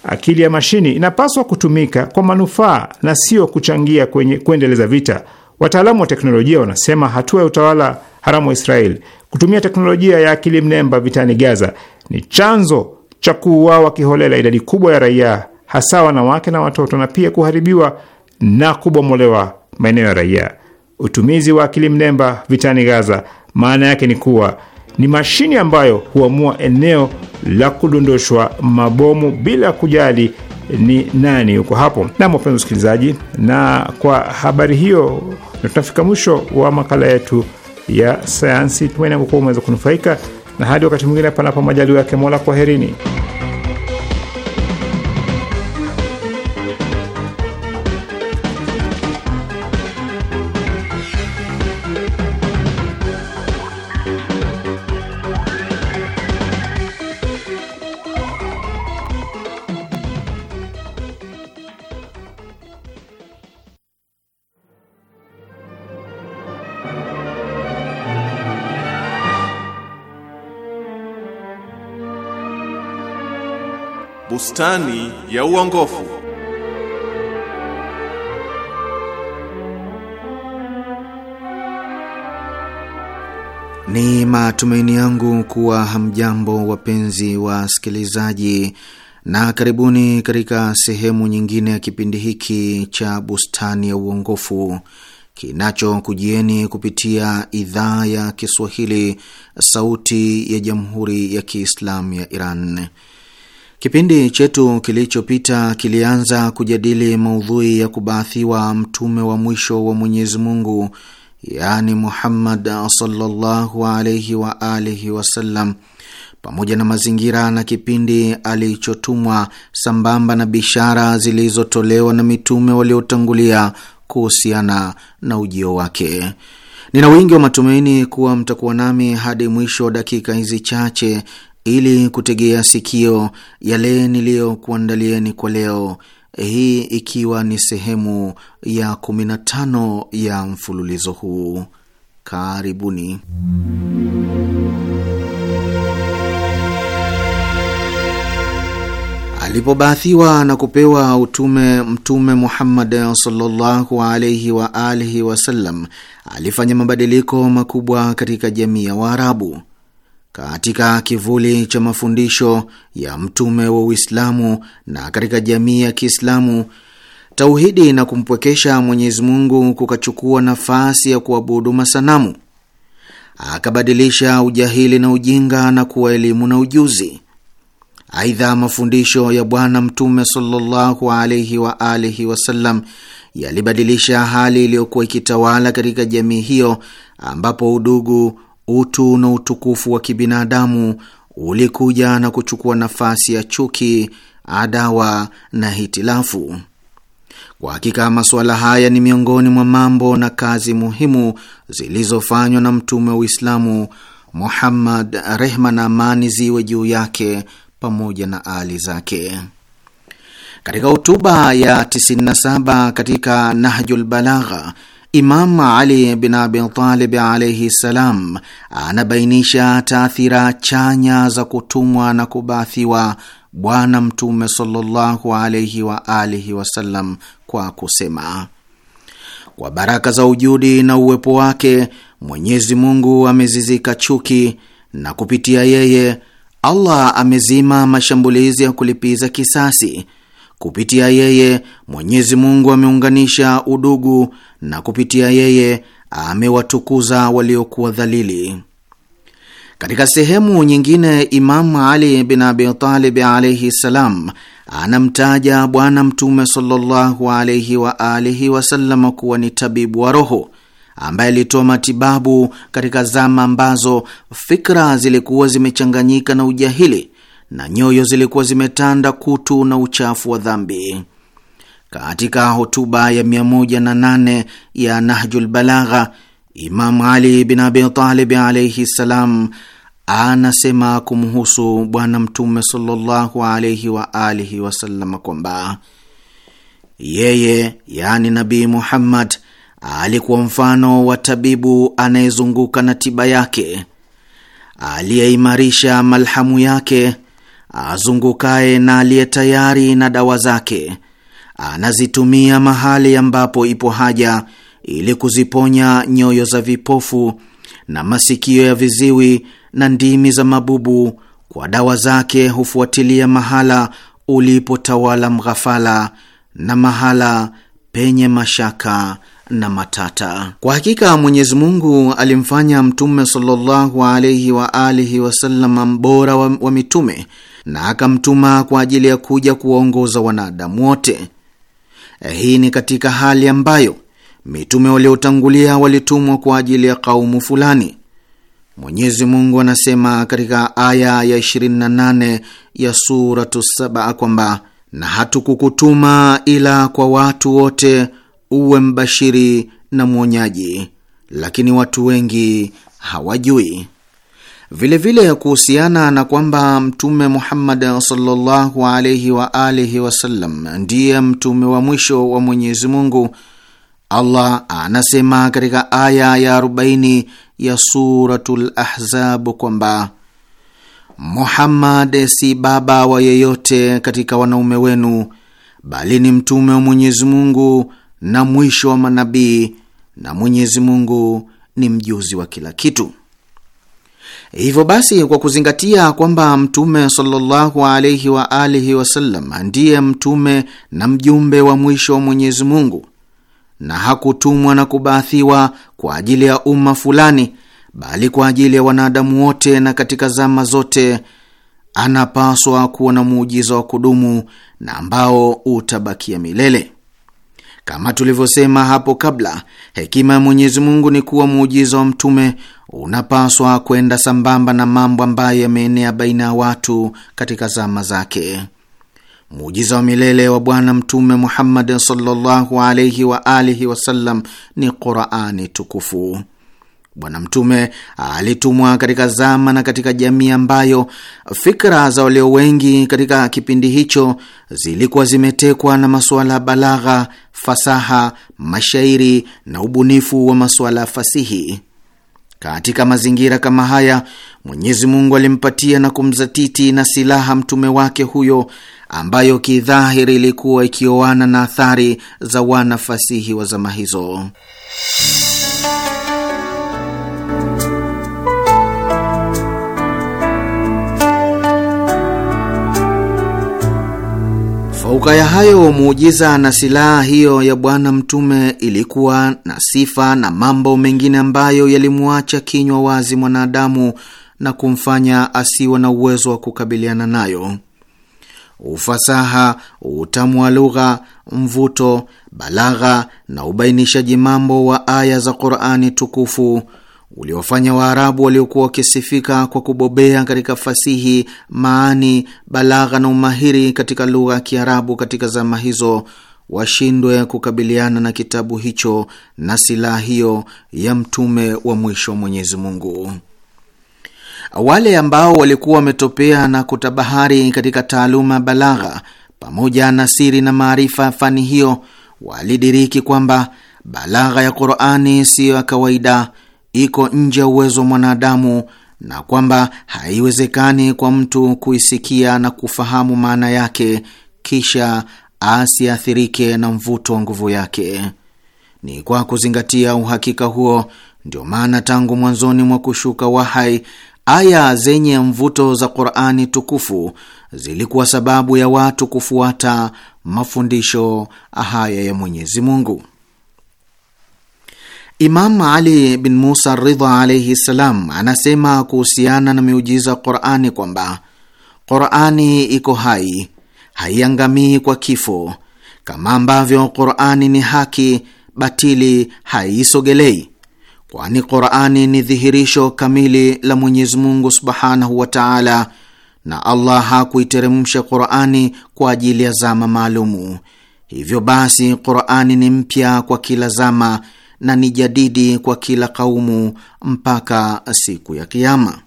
C: akili ya mashini, inapaswa kutumika kwa manufaa na sio kuchangia kwenye kuendeleza vita. Wataalamu wa teknolojia wanasema hatua ya utawala haramu wa Israel kutumia teknolojia ya akili mnemba vitani Gaza ni chanzo cha kuuawa kiholela idadi kubwa ya raia, hasa wanawake na watoto, na pia kuharibiwa na kubomolewa maeneo ya raia. Utumizi wa akili mnemba vitani Gaza maana yake ni kuwa ni mashine ambayo huamua eneo la kudondoshwa mabomu bila kujali ni nani yuko hapo. Nam, wapenzi usikilizaji na kwa habari hiyo tunafika mwisho wa makala yetu ya sayansi. Tumaini yangu kuwa umeweza kunufaika, na hadi wakati mwingine, panapo majaliwa yake Mola, kwaherini.
B: Bustani ya uongofu.
F: Ni matumaini yangu kuwa hamjambo wapenzi wa wasikilizaji, na karibuni katika sehemu nyingine ya kipindi hiki cha Bustani ya Uongofu kinachokujieni kupitia idhaa ya Kiswahili, Sauti ya Jamhuri ya Kiislamu ya Iran. Kipindi chetu kilichopita kilianza kujadili maudhui ya kubaathiwa mtume wa mwisho wa Mwenyezi Mungu, yaani Muhammad sallallahu alaihi wa alihi wasallam, pamoja na mazingira na kipindi alichotumwa, sambamba na bishara zilizotolewa na mitume waliotangulia kuhusiana na ujio wake. Nina wingi wa matumaini kuwa mtakuwa nami hadi mwisho wa dakika hizi chache ili kutegea sikio yale niliyokuandalieni kwa leo, hii ikiwa ni sehemu ya 15 ya mfululizo huu. Karibuni. Alipobaathiwa na kupewa utume Mtume Muhammad sallallahu alaihi wa alihi wasallam alifanya mabadiliko makubwa katika jamii ya Waarabu katika kivuli cha mafundisho ya mtume wa Uislamu na katika jamii ya Kiislamu, tauhidi na kumpwekesha Mwenyezi Mungu kukachukua nafasi ya kuabudu masanamu. Akabadilisha ujahili na ujinga na kuwa elimu na ujuzi. Aidha, mafundisho ya Bwana Mtume sallallahu alaihi wa alihi wasallam yalibadilisha hali iliyokuwa ikitawala katika jamii hiyo, ambapo udugu utu na utukufu wa kibinadamu ulikuja na kuchukua nafasi ya chuki, adawa na hitilafu. Kwa hakika masuala haya ni miongoni mwa mambo na kazi muhimu zilizofanywa na mtume wa Uislamu Muhammad, rehma na amani ziwe juu yake pamoja na ali zake. Katika hotuba ya 97 katika Nahjul Balagha, Imam Ali bin Abi Talib alaihi ssalam anabainisha taathira chanya za kutumwa na kubaathiwa Bwana Mtume sallallahu alaihi wa alihi wasallam kwa kusema, kwa baraka za ujudi na uwepo wake Mwenyezi Mungu amezizika chuki na kupitia yeye Allah amezima mashambulizi ya kulipiza kisasi Kupitia yeye Mwenyezi Mungu ameunganisha udugu na kupitia yeye amewatukuza waliokuwa dhalili. Katika sehemu nyingine, Imamu Ali bin Abi Talib alaihi ssalam anamtaja Bwana Mtume sallallahu alaihi wa alihi wasallam kuwa ni tabibu wa roho ambaye alitoa matibabu katika zama ambazo fikra zilikuwa zimechanganyika na ujahili na nyoyo zilikuwa zimetanda kutu na uchafu wa dhambi. Katika hotuba ya 108 ya Nahjul Balagha, Imam Ali bin Abi Talib alaihi ssalam anasema kumhusu Bwana Mtume sallallahu alaihi wa alihi wasallam kwamba yeye, yani Nabii Muhammad, alikuwa mfano wa tabibu anayezunguka na tiba yake, aliyeimarisha malhamu yake azungukaye na aliye tayari na dawa zake anazitumia mahali ambapo ipo haja ili kuziponya nyoyo za vipofu na masikio ya viziwi na ndimi za mabubu. Kwa dawa zake hufuatilia mahala ulipotawala mghafala na mahala penye mashaka na matata. Kwa hakika Mwenyezi Mungu alimfanya Mtume sallallahu alaihi wa alihi wasallam mbora wa, wa mitume na akamtuma kwa ajili ya kuja kuwaongoza wanadamu wote. Hii ni katika hali ambayo mitume waliotangulia walitumwa kwa ajili ya kaumu fulani. Mwenyezi Mungu anasema katika aya ya 28 ya Suratu Saba kwamba na hatukukutuma ila kwa watu wote uwe mbashiri na mwonyaji, lakini watu wengi hawajui. Vilevile kuhusiana na kwamba Mtume Muhammad sallallahu alaihi wa alihi wasallam ndiye mtume wa mwisho wa Mwenyezi Mungu, Allah anasema katika aya ya 40 ya Suratul Ahzab kwamba Muhammad si baba wa yeyote katika wanaume wenu, bali ni mtume wa Mwenyezi Mungu na mwisho wa manabii, na Mwenyezi Mungu ni mjuzi wa kila kitu. Hivyo basi, kwa kuzingatia kwamba Mtume sallallahu alaihi wa alihi wasallam ndiye mtume na mjumbe wa mwisho wa Mwenyezi Mungu na hakutumwa na kubaathiwa kwa ajili ya umma fulani, bali kwa ajili ya wanadamu wote na katika zama zote, anapaswa kuwa na muujiza wa kudumu na ambao utabakia milele. Kama tulivyosema hapo kabla, hekima ya Mwenyezi Mungu ni kuwa muujiza wa mtume unapaswa kwenda sambamba na mambo ambayo yameenea baina ya watu katika zama zake. Muujiza wa milele wa Bwana Mtume Muhammad sallallahu alaihi wa alihi wasallam ni Qurani tukufu. Bwana Mtume alitumwa katika zama na katika jamii ambayo fikra za walio wengi katika kipindi hicho zilikuwa zimetekwa na masuala ya balagha, fasaha, mashairi na ubunifu wa masuala ya fasihi. Katika mazingira kama haya, Mwenyezi Mungu alimpatia na kumzatiti na silaha mtume wake huyo, ambayo kidhahiri ilikuwa ikioana na athari za wanafasihi wa zama hizo. Ukaya hayo muujiza na silaha hiyo ya Bwana Mtume ilikuwa na sifa na mambo mengine ambayo yalimwacha kinywa wazi mwanadamu na kumfanya asiwe na uwezo wa kukabiliana nayo. Ufasaha, utamu wa lugha, mvuto, balagha na ubainishaji mambo wa aya za Qur'ani tukufu uliofanya Waarabu waliokuwa wakisifika kwa kubobea katika fasihi, maani, balagha na umahiri katika lugha ya Kiarabu katika zama hizo washindwe kukabiliana na kitabu hicho na silaha hiyo ya mtume wa mwisho mwenyezimungu Mwenyezi Mungu. Wale ambao walikuwa wametopea na kutabahari katika taaluma balagha pamoja na siri na maarifa ya fani hiyo walidiriki kwamba balagha ya Qurani siyo ya kawaida iko nje ya uwezo wa mwanadamu na kwamba haiwezekani kwa mtu kuisikia na kufahamu maana yake kisha asiathirike na mvuto wa nguvu yake. Ni kwa kuzingatia uhakika huo ndio maana tangu mwanzoni mwa kushuka wahai aya zenye mvuto za Qur'ani tukufu zilikuwa sababu ya watu kufuata mafundisho haya ya Mwenyezi Mungu. Imam Ali bin Musa Ridha alaihi ssalam anasema kuhusiana na miujiza Qurani kwamba Qurani iko hai, haiangamii kwa kifo, kama ambavyo Qurani ni haki, batili haiisogelei kwani Qurani ni dhihirisho kamili la Mwenyezi Mungu subhanahu wa taala, na Allah hakuiteremsha Qurani kwa ajili ya zama maalumu. Hivyo basi, Qurani ni mpya kwa kila zama na ni jadidi kwa kila kaumu mpaka siku ya Kiama.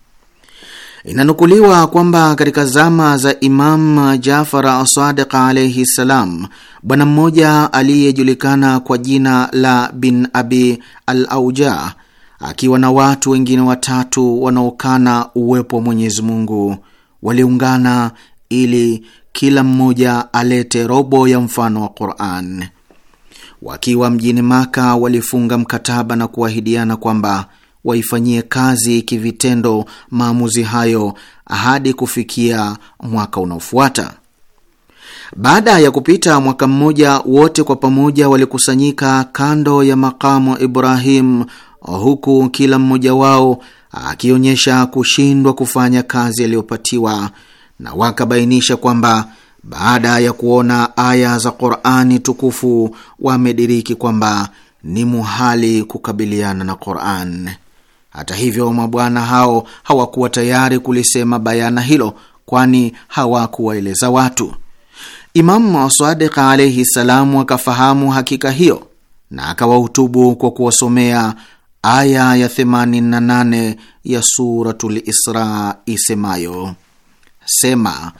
F: Inanukuliwa kwamba katika zama za Imam Jafar Sadiq alaihi ssalam, bwana mmoja aliyejulikana kwa jina la Bin Abi al Auja akiwa na watu wengine watatu wanaokana uwepo wa Mwenyezi Mungu waliungana ili kila mmoja alete robo ya mfano wa Quran wakiwa mjini Maka walifunga mkataba na kuahidiana kwamba waifanyie kazi kivitendo maamuzi hayo hadi kufikia mwaka unaofuata. Baada ya kupita mwaka mmoja, wote kwa pamoja walikusanyika kando ya makamu Ibrahim, huku kila mmoja wao akionyesha kushindwa kufanya kazi aliyopatiwa, na wakabainisha kwamba baada ya kuona aya za Qurani tukufu wamediriki kwamba ni muhali kukabiliana na Quran. Hata hivyo, mabwana hao hawakuwa tayari kulisema bayana hilo, kwani hawakuwaeleza watu. Imamu Sadiq alaihi salamu akafahamu hakika hiyo na akawahutubu kwa kuwasomea aya ya 88 ya Suratul Isra isemayo: Sema,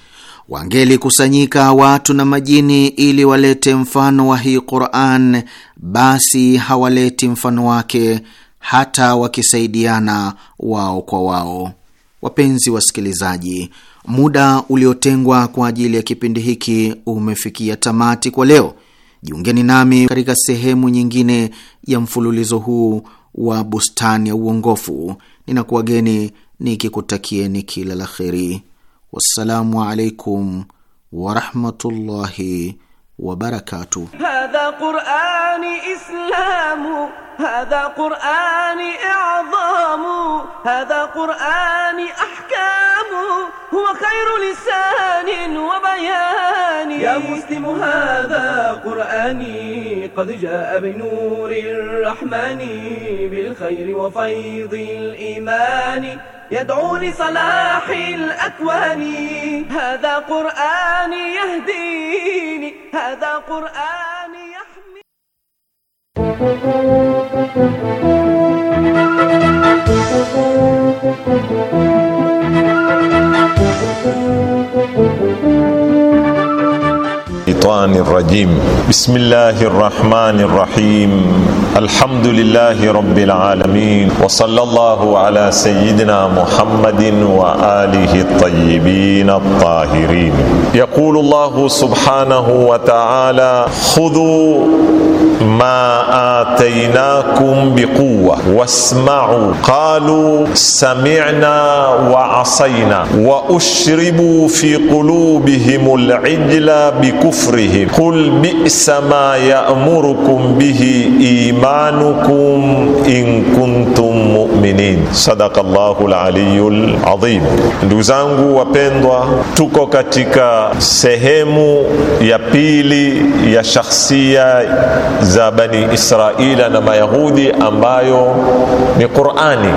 F: wangelikusanyika watu na majini ili walete mfano wa hii Quran, basi hawaleti mfano wake hata wakisaidiana wao kwa wao. Wapenzi wasikilizaji, muda uliotengwa kwa ajili ya kipindi hiki umefikia tamati kwa leo. Jiungeni nami katika sehemu nyingine ya mfululizo huu wa Bustani ya Uongofu. Ninakuwageni nikikutakieni kila la kheri. والسلام عليكم ورحمة الله وبركاته
A: هذا قرآن إسلام هذا قرآن إعظام هذا قرآن أحكام هو خير لسان وبيان يا مسلم هذا قرآني قد جاء بنور الرحمن بالخير وفيض الإيمان يدعو لصلاح الأكوان هذا قرآن يهديني هذا قرآن يحمي
G: Thank you.
B: الشيطان الرجيم بسم الله الرحمن الرحيم الحمد لله رب العالمين وصلى الله على سيدنا محمد وآله الطيبين الطاهرين يقول الله سبحانه وتعالى خذوا ma atainakum biquwa wasma'u qalu sami'na wa asaina wa ushribu fi qulubihimul ijla bikufrihim qul bi'sa ma ya'murukum bihi imanukum in kuntum mu'minin. Sadaqallahul aliyul azim. Ndugu zangu wapendwa, tuko katika sehemu ya pili ya shakhsia za Bani Israila na Mayahudi ambayo ni Qurani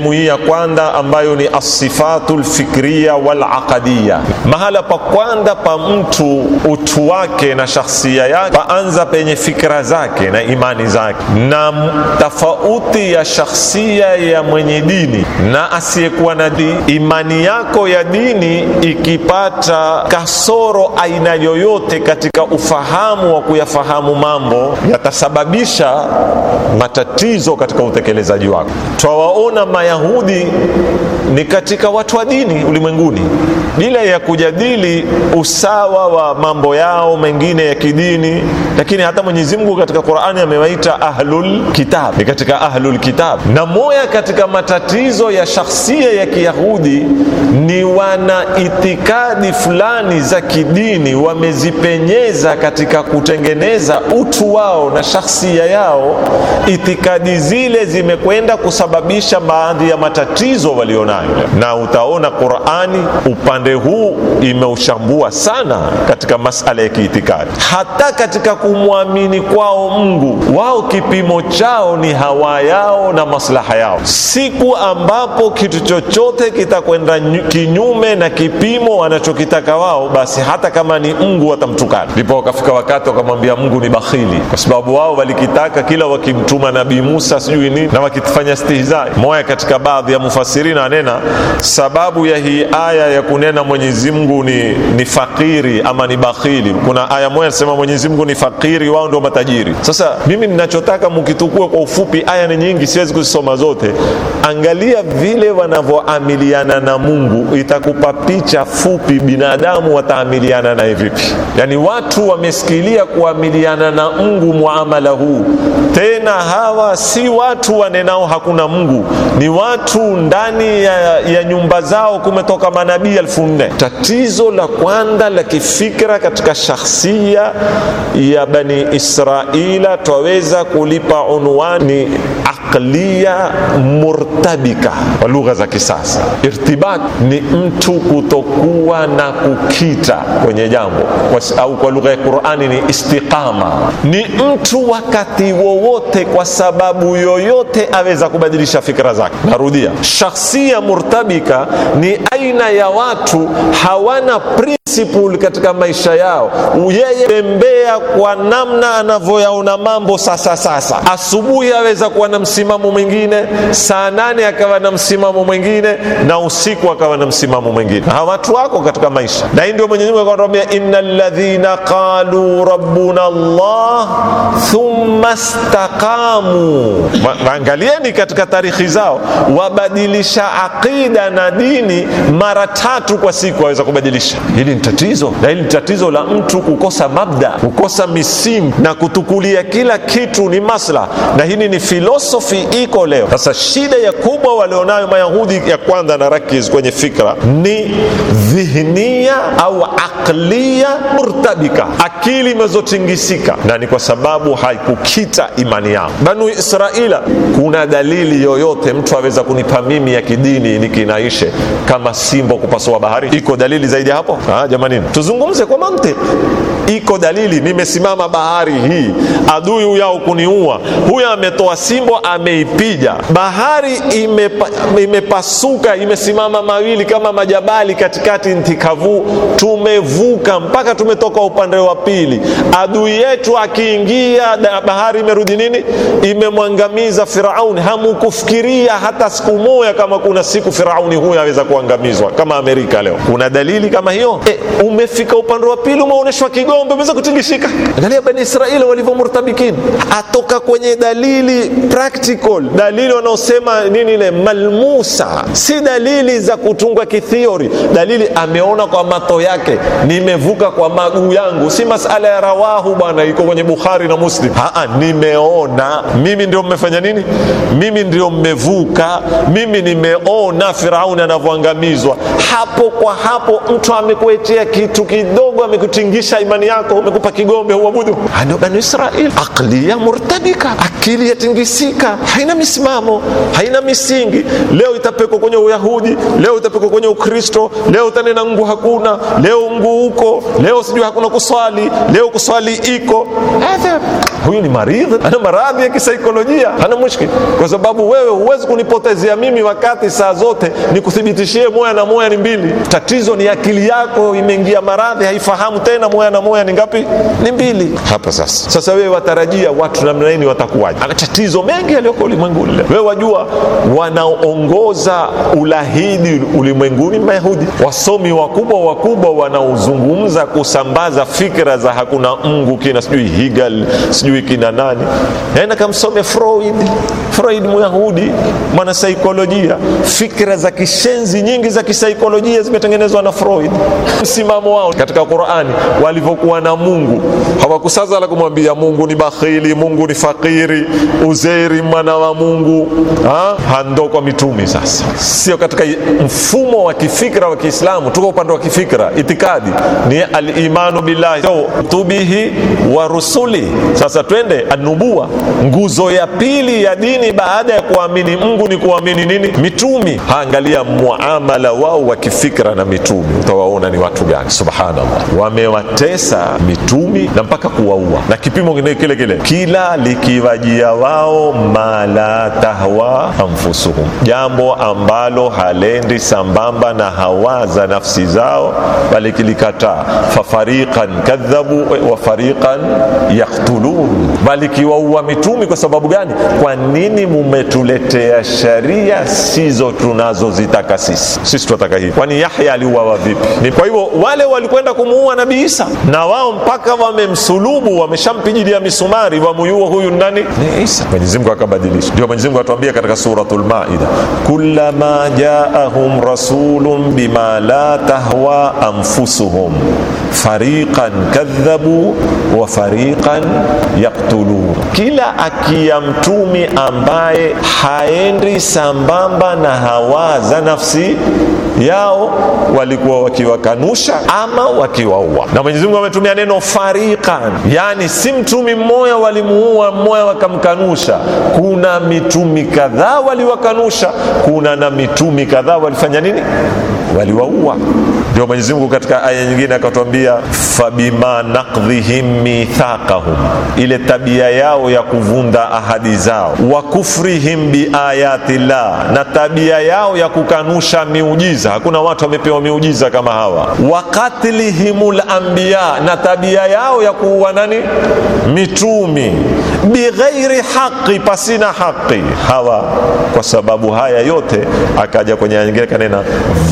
B: sehemu hii ya kwanza ambayo ni asifatu lfikria walaqadiya, mahala pa kwanza pa mtu utu wake na shakhsia yake, paanza penye fikra zake na imani zake, na tofauti ya shakhsia ya mwenye dini na asiyekuwa na dini. Imani yako ya dini ikipata kasoro aina yoyote katika ufahamu wa kuyafahamu mambo, yatasababisha matatizo katika utekelezaji wako. Twawaona Wayahudi ni katika watu wa dini ulimwenguni, bila ya kujadili usawa wa mambo yao mengine ya kidini. Lakini hata Mwenyezi Mungu katika Qur'ani amewaita ahlul kitab, ni katika ahlul kitab. Na moya katika matatizo ya shakhsia ya Kiyahudi ni wana itikadi fulani za kidini wamezipenyeza katika kutengeneza utu wao na shakhsia yao. Itikadi zile zimekwenda kusababisha baadhi baadhi ya matatizo walionayo, na utaona Qurani upande huu imeushambua sana katika masala ya kiitikadi, hata katika kumwamini kwao Mungu. Wao kipimo chao ni hawa yao na maslaha yao. Siku ambapo kitu chochote kitakwenda kinyume na kipimo wanachokitaka wao, basi hata kama ni Mungu watamtukana. Ndipo wakafika wakati wakamwambia Mungu ni bakhili, kwa sababu wao walikitaka kila wakimtuma Nabii Musa sijui nini na wakifanya stihizai moya katika katika baadhi ya mufasirina anena sababu ya hii aya ya kunena Mwenyezi Mungu ni, ni fakiri ama ni bakhili. Kuna aya moja inasema Mwenyezi Mungu ni fakiri, wao ndio matajiri. Sasa mimi ninachotaka mkitukue kwa ufupi, aya ni nyingi, siwezi kuzisoma zote. Angalia vile wanavyoamiliana na Mungu, itakupa picha fupi binadamu wataamiliana naye vipi. Yani watu wamesikilia kuamiliana na Mungu muamala huu, tena hawa si watu wanenao hakuna Mungu, ni watu ndani ya, ya nyumba zao kumetoka manabii elfu nne. Tatizo la kwanza la kifikira katika shakhsia ya Bani Israila twaweza kulipa unwani aqlia murtabika kwa lugha za kisasa. Irtibat ni mtu kutokuwa na kukita kwenye jambo, au kwa lugha ya Qur'ani ni istiqama. Ni mtu wakati wowote kwa sababu yoyote aweza kubadilisha fikra zake. Narudia, shakhsia murtabika ni aina ya watu hawana principle katika maisha yao. Yeye tembea kwa namna anavyoyaona mambo sasa sasa. Asubuhi aweza kuwa na msi msimamo mwingine, saa nane akawa na msimamo mwingine, na usiku akawa na msimamo mwingine. Hawa watu wako katika maisha, na hii ndio Mwenyezi Mungu akatuambia, innal ladhina qalu rabbuna Allah thumma istaqamu. Waangalieni katika tarikhi zao, wabadilisha aqida na dini mara tatu kwa siku, waweza kubadilisha. Hili ni tatizo, na hili ni tatizo la mtu kukosa mabda, kukosa misimu na kutukulia kila kitu ni masla, na hili ni filosofi safi iko leo. Sasa shida ya kubwa walionayo Mayahudi ya kwanza, na rakiz kwenye fikra, ni dhihnia au aklia murtabika, akili imezotingisika, na ni kwa sababu haikukita imani yao. Banu Israila, kuna dalili yoyote mtu aweza kunipa mimi ya kidini nikinaishe kama simbo kupasua bahari? Iko dalili zaidi hapo? Ah, jamanini, tuzungumze kwa mantiki. Iko dalili, nimesimama bahari hii, adui huyao kuniua, huyo ametoa simbo ameipija bahari, imepa, imepasuka imesimama mawili kama majabali katikati ntikavu. Tumevuka mpaka tumetoka upande wa pili. Adui yetu akiingia, bahari imerudi nini, imemwangamiza Firauni. Hamukufikiria hata siku moja kama kuna siku Firauni huyo aweza kuangamizwa kama Amerika leo. Kuna dalili kama hiyo e, umefika upande wa pili, umeonyeshwa kigombe, umeweza kutingishika. Angalia Bani Israeli walivyomurtabikin, atoka kwenye dalili practice physical dalili wanaosema nini ile malmusa, si dalili za kutungwa kithiori, dalili ameona kwa mato yake, nimevuka kwa maguu yangu. Si masala ya rawahu bwana, iko kwenye Bukhari na Muslim. Aa, nimeona mimi, ndio mmefanya nini? Mimi ndio mmevuka, mimi nimeona Firauni anavyoangamizwa. Hapo kwa hapo, mtu amekuetea kitu kidogo, amekutingisha imani yako, umekupa kigombe uabudu. Ndio Bani Israil, akli ya murtabika, akili yatingisika, haina misimamo haina misingi leo itapekwa kwenye uyahudi leo itapekwa kwenye ukristo leo utanena ngu hakuna leo ngu uko leo sijui hakuna kuswali leo kuswali iko huyu ni maridhi ana maradhi ya kisaikolojia ana mushkili kwa sababu wewe huwezi kunipotezea mimi wakati saa zote nikuthibitishie moya na moya ni mbili tatizo ni akili yako imeingia maradhi haifahamu tena moya na moya ni ngapi ni mbili
C: hapa sasa
B: sasa wewe watarajia watu namna nini watakuwaje tatizo mengi yali walioko ulimwenguni leo. Wewe wajua, wanaongoza ulahidi ulimwenguni Mayahudi, wasomi wakubwa wakubwa wanaozungumza kusambaza fikra za hakuna Mungu, kina sijui Hegel, sijui kina nani. naenda yaani kamsome Freud. Freud Myahudi, mwanasaikolojia. Fikra za kishenzi nyingi za kisaikolojia zimetengenezwa na Freud. Msimamo wao katika Qurani walivyokuwa na Mungu, hawakusaza la kumwambia Mungu ni bakhili, Mungu ni fakiri, Uzeri mwana wa Mungu ha? hando kwa mitume. Sasa sio katika mfumo wa kifikra wa Kiislamu, tuko upande wa kifikra, itikadi ni alimanu billahi tubihi wa rusuli. Sasa twende anubua, nguzo ya pili ya dini baada ya kuamini Mungu ni kuamini nini? Mitumi. Haangalia muamala wao wa kifikra na mitumi, utawaona ni watu gani. Subhanallah, wamewatesa mitumi na mpaka kuwaua, na kipimo kile kile kila likiwajia wao ma ma la tahwa anfusuhum, jambo ambalo halendi sambamba na hawa za nafsi zao, bali kilikataa. fariqan kadhabu wa fariqan yaktulun, bali kiwaua mitumi. Kwa sababu gani? Kwa nini mumetuletea sharia sizo tunazozitaka sisi? Sisi tunataka hivi. Kwani Yahya aliuawa vipi? Kwa hivyo wale walikwenda kumuua Nabii Isa na wao mpaka wamemsulubu, wameshampijilia misumari, wamuyua huyu nani? Ni Isa. Mwenyezi Mungu mabadilisho. Ndio mwenyezimungu Mungu atuambia katika suratul Maida, kullama jaahum rasulun bima la tahwa anfusuhum fariqan kadhabu wa fariqan yaktulun, kila akia mtumi ambaye haendi sambamba na hawa za nafsi yao walikuwa wakiwakanusha ama wakiwaua. Na mwenyezimungu ametumia neno fariqan, yani si mtumi mmoja walimuua mmoja wakamkanusha kuna mitumi kadhaa waliwakanusha, kuna na mitumi kadhaa walifanya nini? Waliwaua. Ndio Mwenyezi Mungu katika aya nyingine akatwambia, fabima nakdhihim mithaqahum, ile tabia yao ya kuvunda ahadi zao, wa kufrihim biayati llah, na tabia yao ya kukanusha miujiza. Hakuna watu wamepewa miujiza kama hawa. Wa katlihimul anbiya, na tabia yao ya kuua nani, mitumi bighairi haqi, pasina haqi. Hawa kwa sababu haya yote akaja kwenye nyingine kanena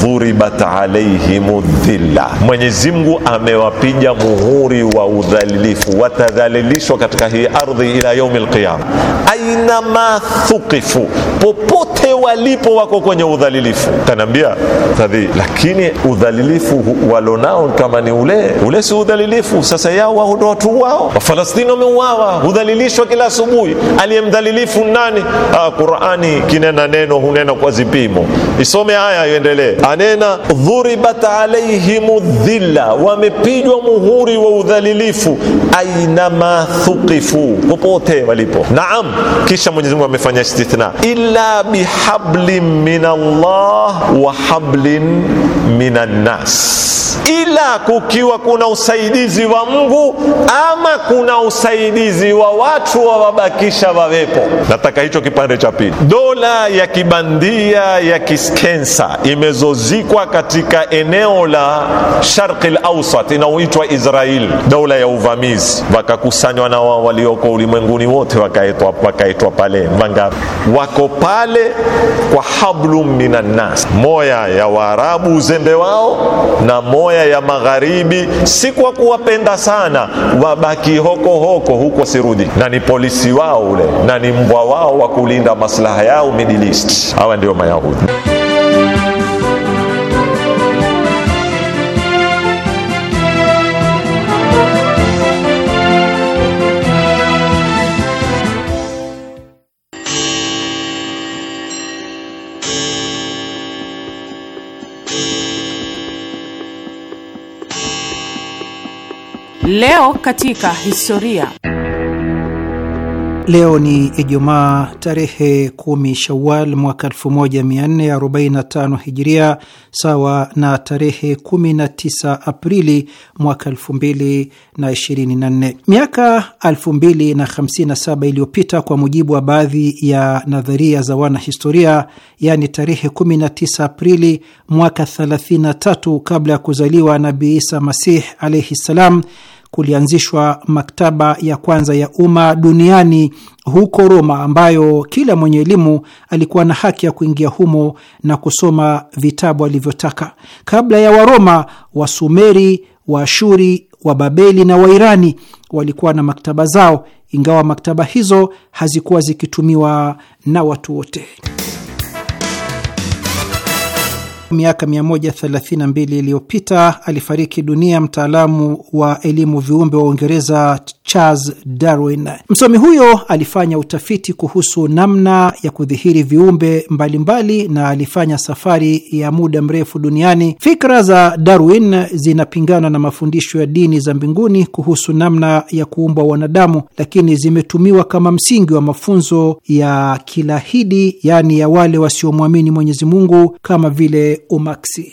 B: dhuribat alaihimu dhilla, Mwenyezi Mungu amewapiga muhuri wa udhalilifu, watadhalilishwa katika hii ardhi ila yaumil qiyama, aina ma thuqifu, popote walipo wako kwenye udhalilifu. Tanambia tadhi, lakini udhalilifu walonao kama ni ule ule, si udhalilifu. Sasa yao wao watu wao, Wafalastini wameuawa, udhalilifu anafundishwa kila asubuhi, aliyemdhalilifu nani? Ah, Qurani kinena neno hunena kwa zipimo. Isome haya iendelee, anena dhuribat alaihim dhilla, wamepijwa muhuri wa udhalilifu, ainama thuqifu, popote walipo. Naam, kisha Mwenyezi Mungu amefanya istithna, illa bihablin min Allah wa hablin minan nas, ila kukiwa kuna usaidizi wa Mungu ama kuna usaidizi wa watu watu wawabakisha wawepo. Nataka hicho kipande cha pili. Dola ya kibandia ya kiskensa imezozikwa katika eneo la sharqi Awsat inaoitwa Israel, dola ya uvamizi. Wakakusanywa na wao walioko ulimwenguni wote, wakaitwa wakaitwa pale mangapi? Wako pale kwa hablum minannas, moya ya Waarabu uzembe wao na moya ya magharibi, si kwa kuwapenda sana, wabaki hoko hoko huko sirudi nani ni polisi wao ule na ni mbwa wao wa kulinda maslaha yao Middle East. Hawa ndio Mayahudi.
F: Leo katika historia
E: Leo ni Ijumaa tarehe kumi Shawal mwaka 1445 Hijiria, sawa na tarehe 19 Aprili mwaka 2024. Miaka 2057 iliyopita, kwa mujibu wa baadhi ya nadharia za wanahistoria, yaani tarehe 19 Aprili mwaka 33 kabla ya kuzaliwa Nabii Isa Masih alaihi ssalam kulianzishwa maktaba ya kwanza ya umma duniani huko Roma, ambayo kila mwenye elimu alikuwa na haki ya kuingia humo na kusoma vitabu alivyotaka. Kabla ya Waroma, Wasumeri, Waashuri, Wababeli na Wairani walikuwa na maktaba zao, ingawa maktaba hizo hazikuwa zikitumiwa na watu wote. Miaka 132 iliyopita alifariki dunia mtaalamu wa elimu viumbe wa Uingereza Charles Darwin. Msomi huyo alifanya utafiti kuhusu namna ya kudhihiri viumbe mbalimbali mbali, na alifanya safari ya muda mrefu duniani. Fikra za Darwin zinapingana na mafundisho ya dini za mbinguni kuhusu namna ya kuumbwa wanadamu, lakini zimetumiwa kama msingi wa mafunzo ya kilahidi, yaani ya wale wasiomwamini Mwenyezi Mungu kama vile Umaksi.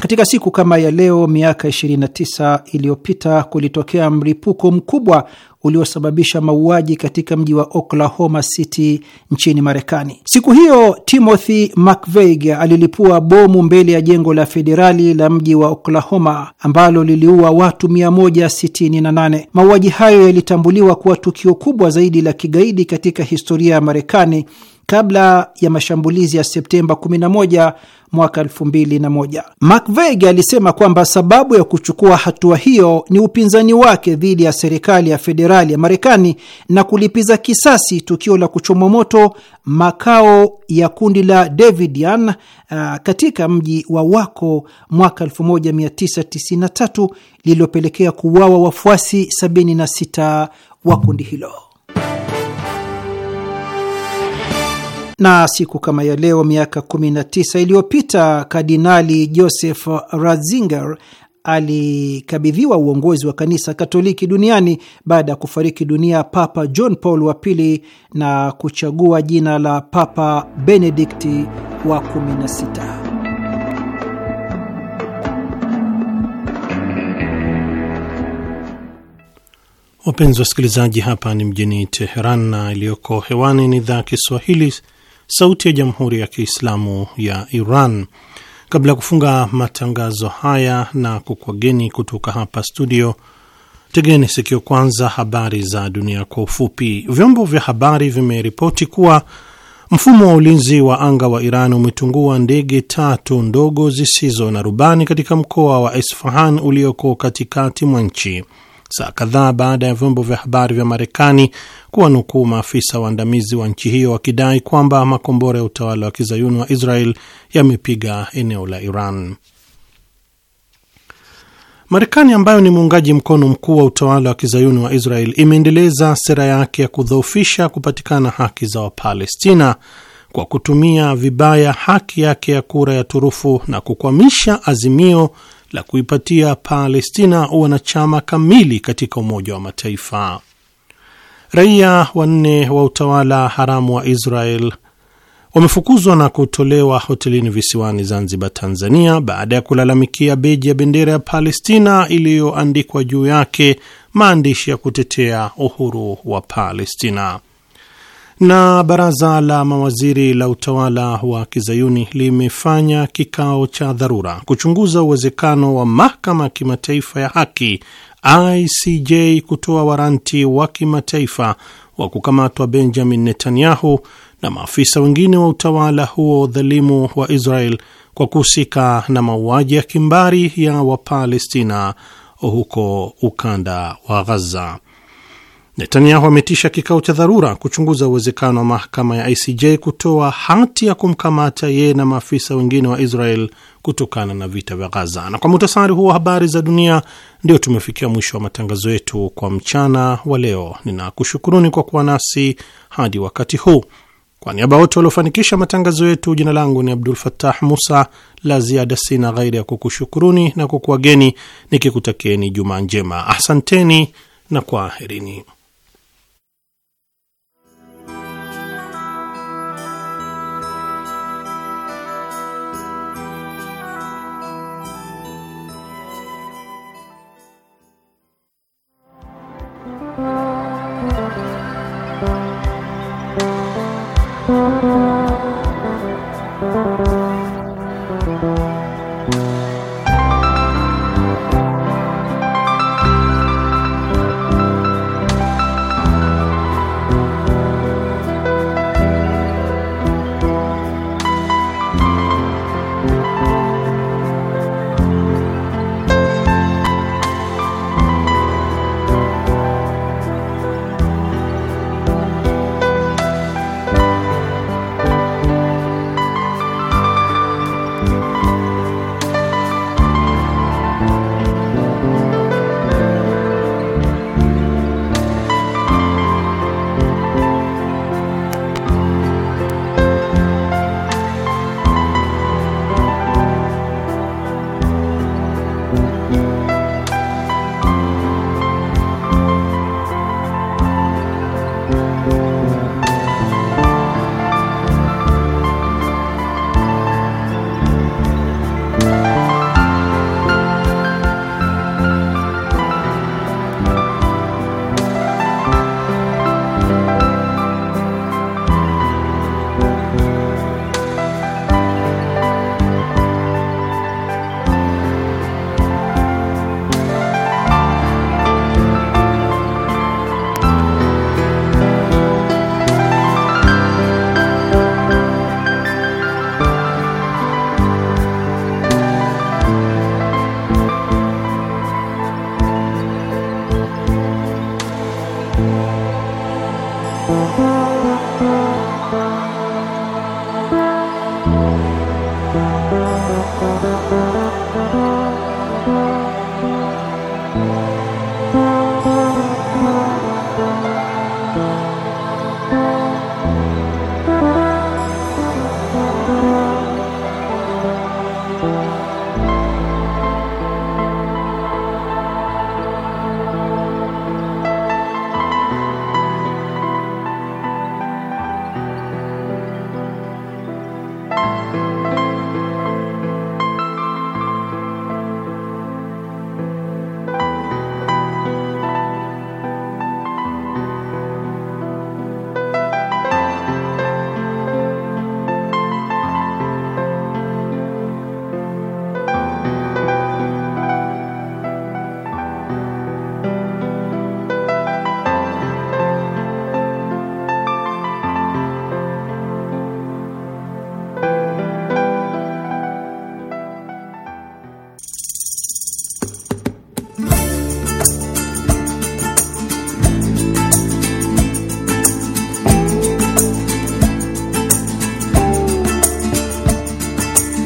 E: Katika siku kama ya leo miaka 29 iliyopita kulitokea mlipuko mkubwa uliosababisha mauaji katika mji wa Oklahoma City nchini Marekani. Siku hiyo Timothy McVeigh alilipua bomu mbele ya jengo la federali la mji wa Oklahoma ambalo liliua watu 168. Mauaji hayo yalitambuliwa kuwa tukio kubwa zaidi la kigaidi katika historia ya Marekani kabla ya mashambulizi ya Septemba 11 mwaka 2001. McVeigh alisema kwamba sababu ya kuchukua hatua hiyo ni upinzani wake dhidi ya serikali ya federali ya Marekani na kulipiza kisasi tukio la kuchomwa moto makao ya kundi la Davidian uh, katika mji wa Wako mwaka 1993 lililopelekea kuuawa wafuasi 76 wa kundi hilo. na siku kama ya leo miaka 19 iliyopita Kardinali Joseph Ratzinger alikabidhiwa uongozi wa kanisa Katoliki duniani baada ya kufariki dunia Papa John Paul wa pili na kuchagua jina la Papa Benedikti wa 16.
D: Wapenzi wasikilizaji, hapa ni mjini Teheran na iliyoko hewani ni idhaa ya Kiswahili sauti ya jamhuri ya kiislamu ya Iran. Kabla ya kufunga matangazo haya na kukwageni kutoka hapa studio, tegeni sikio kwanza habari za dunia kwa ufupi. Vyombo vya habari vimeripoti kuwa mfumo wa ulinzi wa anga wa Iran umetungua ndege tatu ndogo zisizo na rubani katika mkoa wa Isfahan ulioko katikati mwa nchi saa kadhaa baada ya vyombo vya habari vya Marekani kuwanukuu maafisa waandamizi wa nchi hiyo wakidai kwamba makombora ya utawala wa kizayuni wa Israel yamepiga eneo la Iran. Marekani ambayo ni muungaji mkono mkuu wa utawala wa kizayuni wa Israel imeendeleza sera yake ya kudhoofisha kupatikana haki za Wapalestina kwa kutumia vibaya haki yake ya kura ya turufu na kukwamisha azimio la kuipatia Palestina wanachama kamili katika Umoja wa Mataifa. Raia wanne wa utawala haramu wa Israel wamefukuzwa na kutolewa hotelini visiwani Zanzibar, Tanzania, baada ya kulalamikia beji ya bendera ya Palestina iliyoandikwa juu yake maandishi ya kutetea uhuru wa Palestina. Na baraza la mawaziri la utawala wa kizayuni limefanya kikao cha dharura kuchunguza uwezekano wa mahakama ya kimataifa ya haki ICJ kutoa waranti wa kimataifa wa kukamatwa Benjamin Netanyahu na maafisa wengine wa utawala huo dhalimu wa Israel kwa kuhusika na mauaji ya kimbari ya Wapalestina huko ukanda wa Ghaza. Netanyahu ametisha kikao cha dharura kuchunguza uwezekano wa mahakama ya ICJ kutoa hati ya kumkamata yeye na maafisa wengine wa Israel kutokana na vita vya Ghaza. Na kwa mutasari huo habari za dunia, ndio tumefikia mwisho wa matangazo yetu kwa mchana wa leo. Ninakushukuruni kwa kuwa nasi hadi wakati huu. Kwa niaba wote waliofanikisha matangazo yetu, jina langu ni Abdul Fattah Musa. La ziada sina ghairi ya kukushukuruni na kukuwageni nikikutakieni jumaa njema. Asanteni na kwaherini.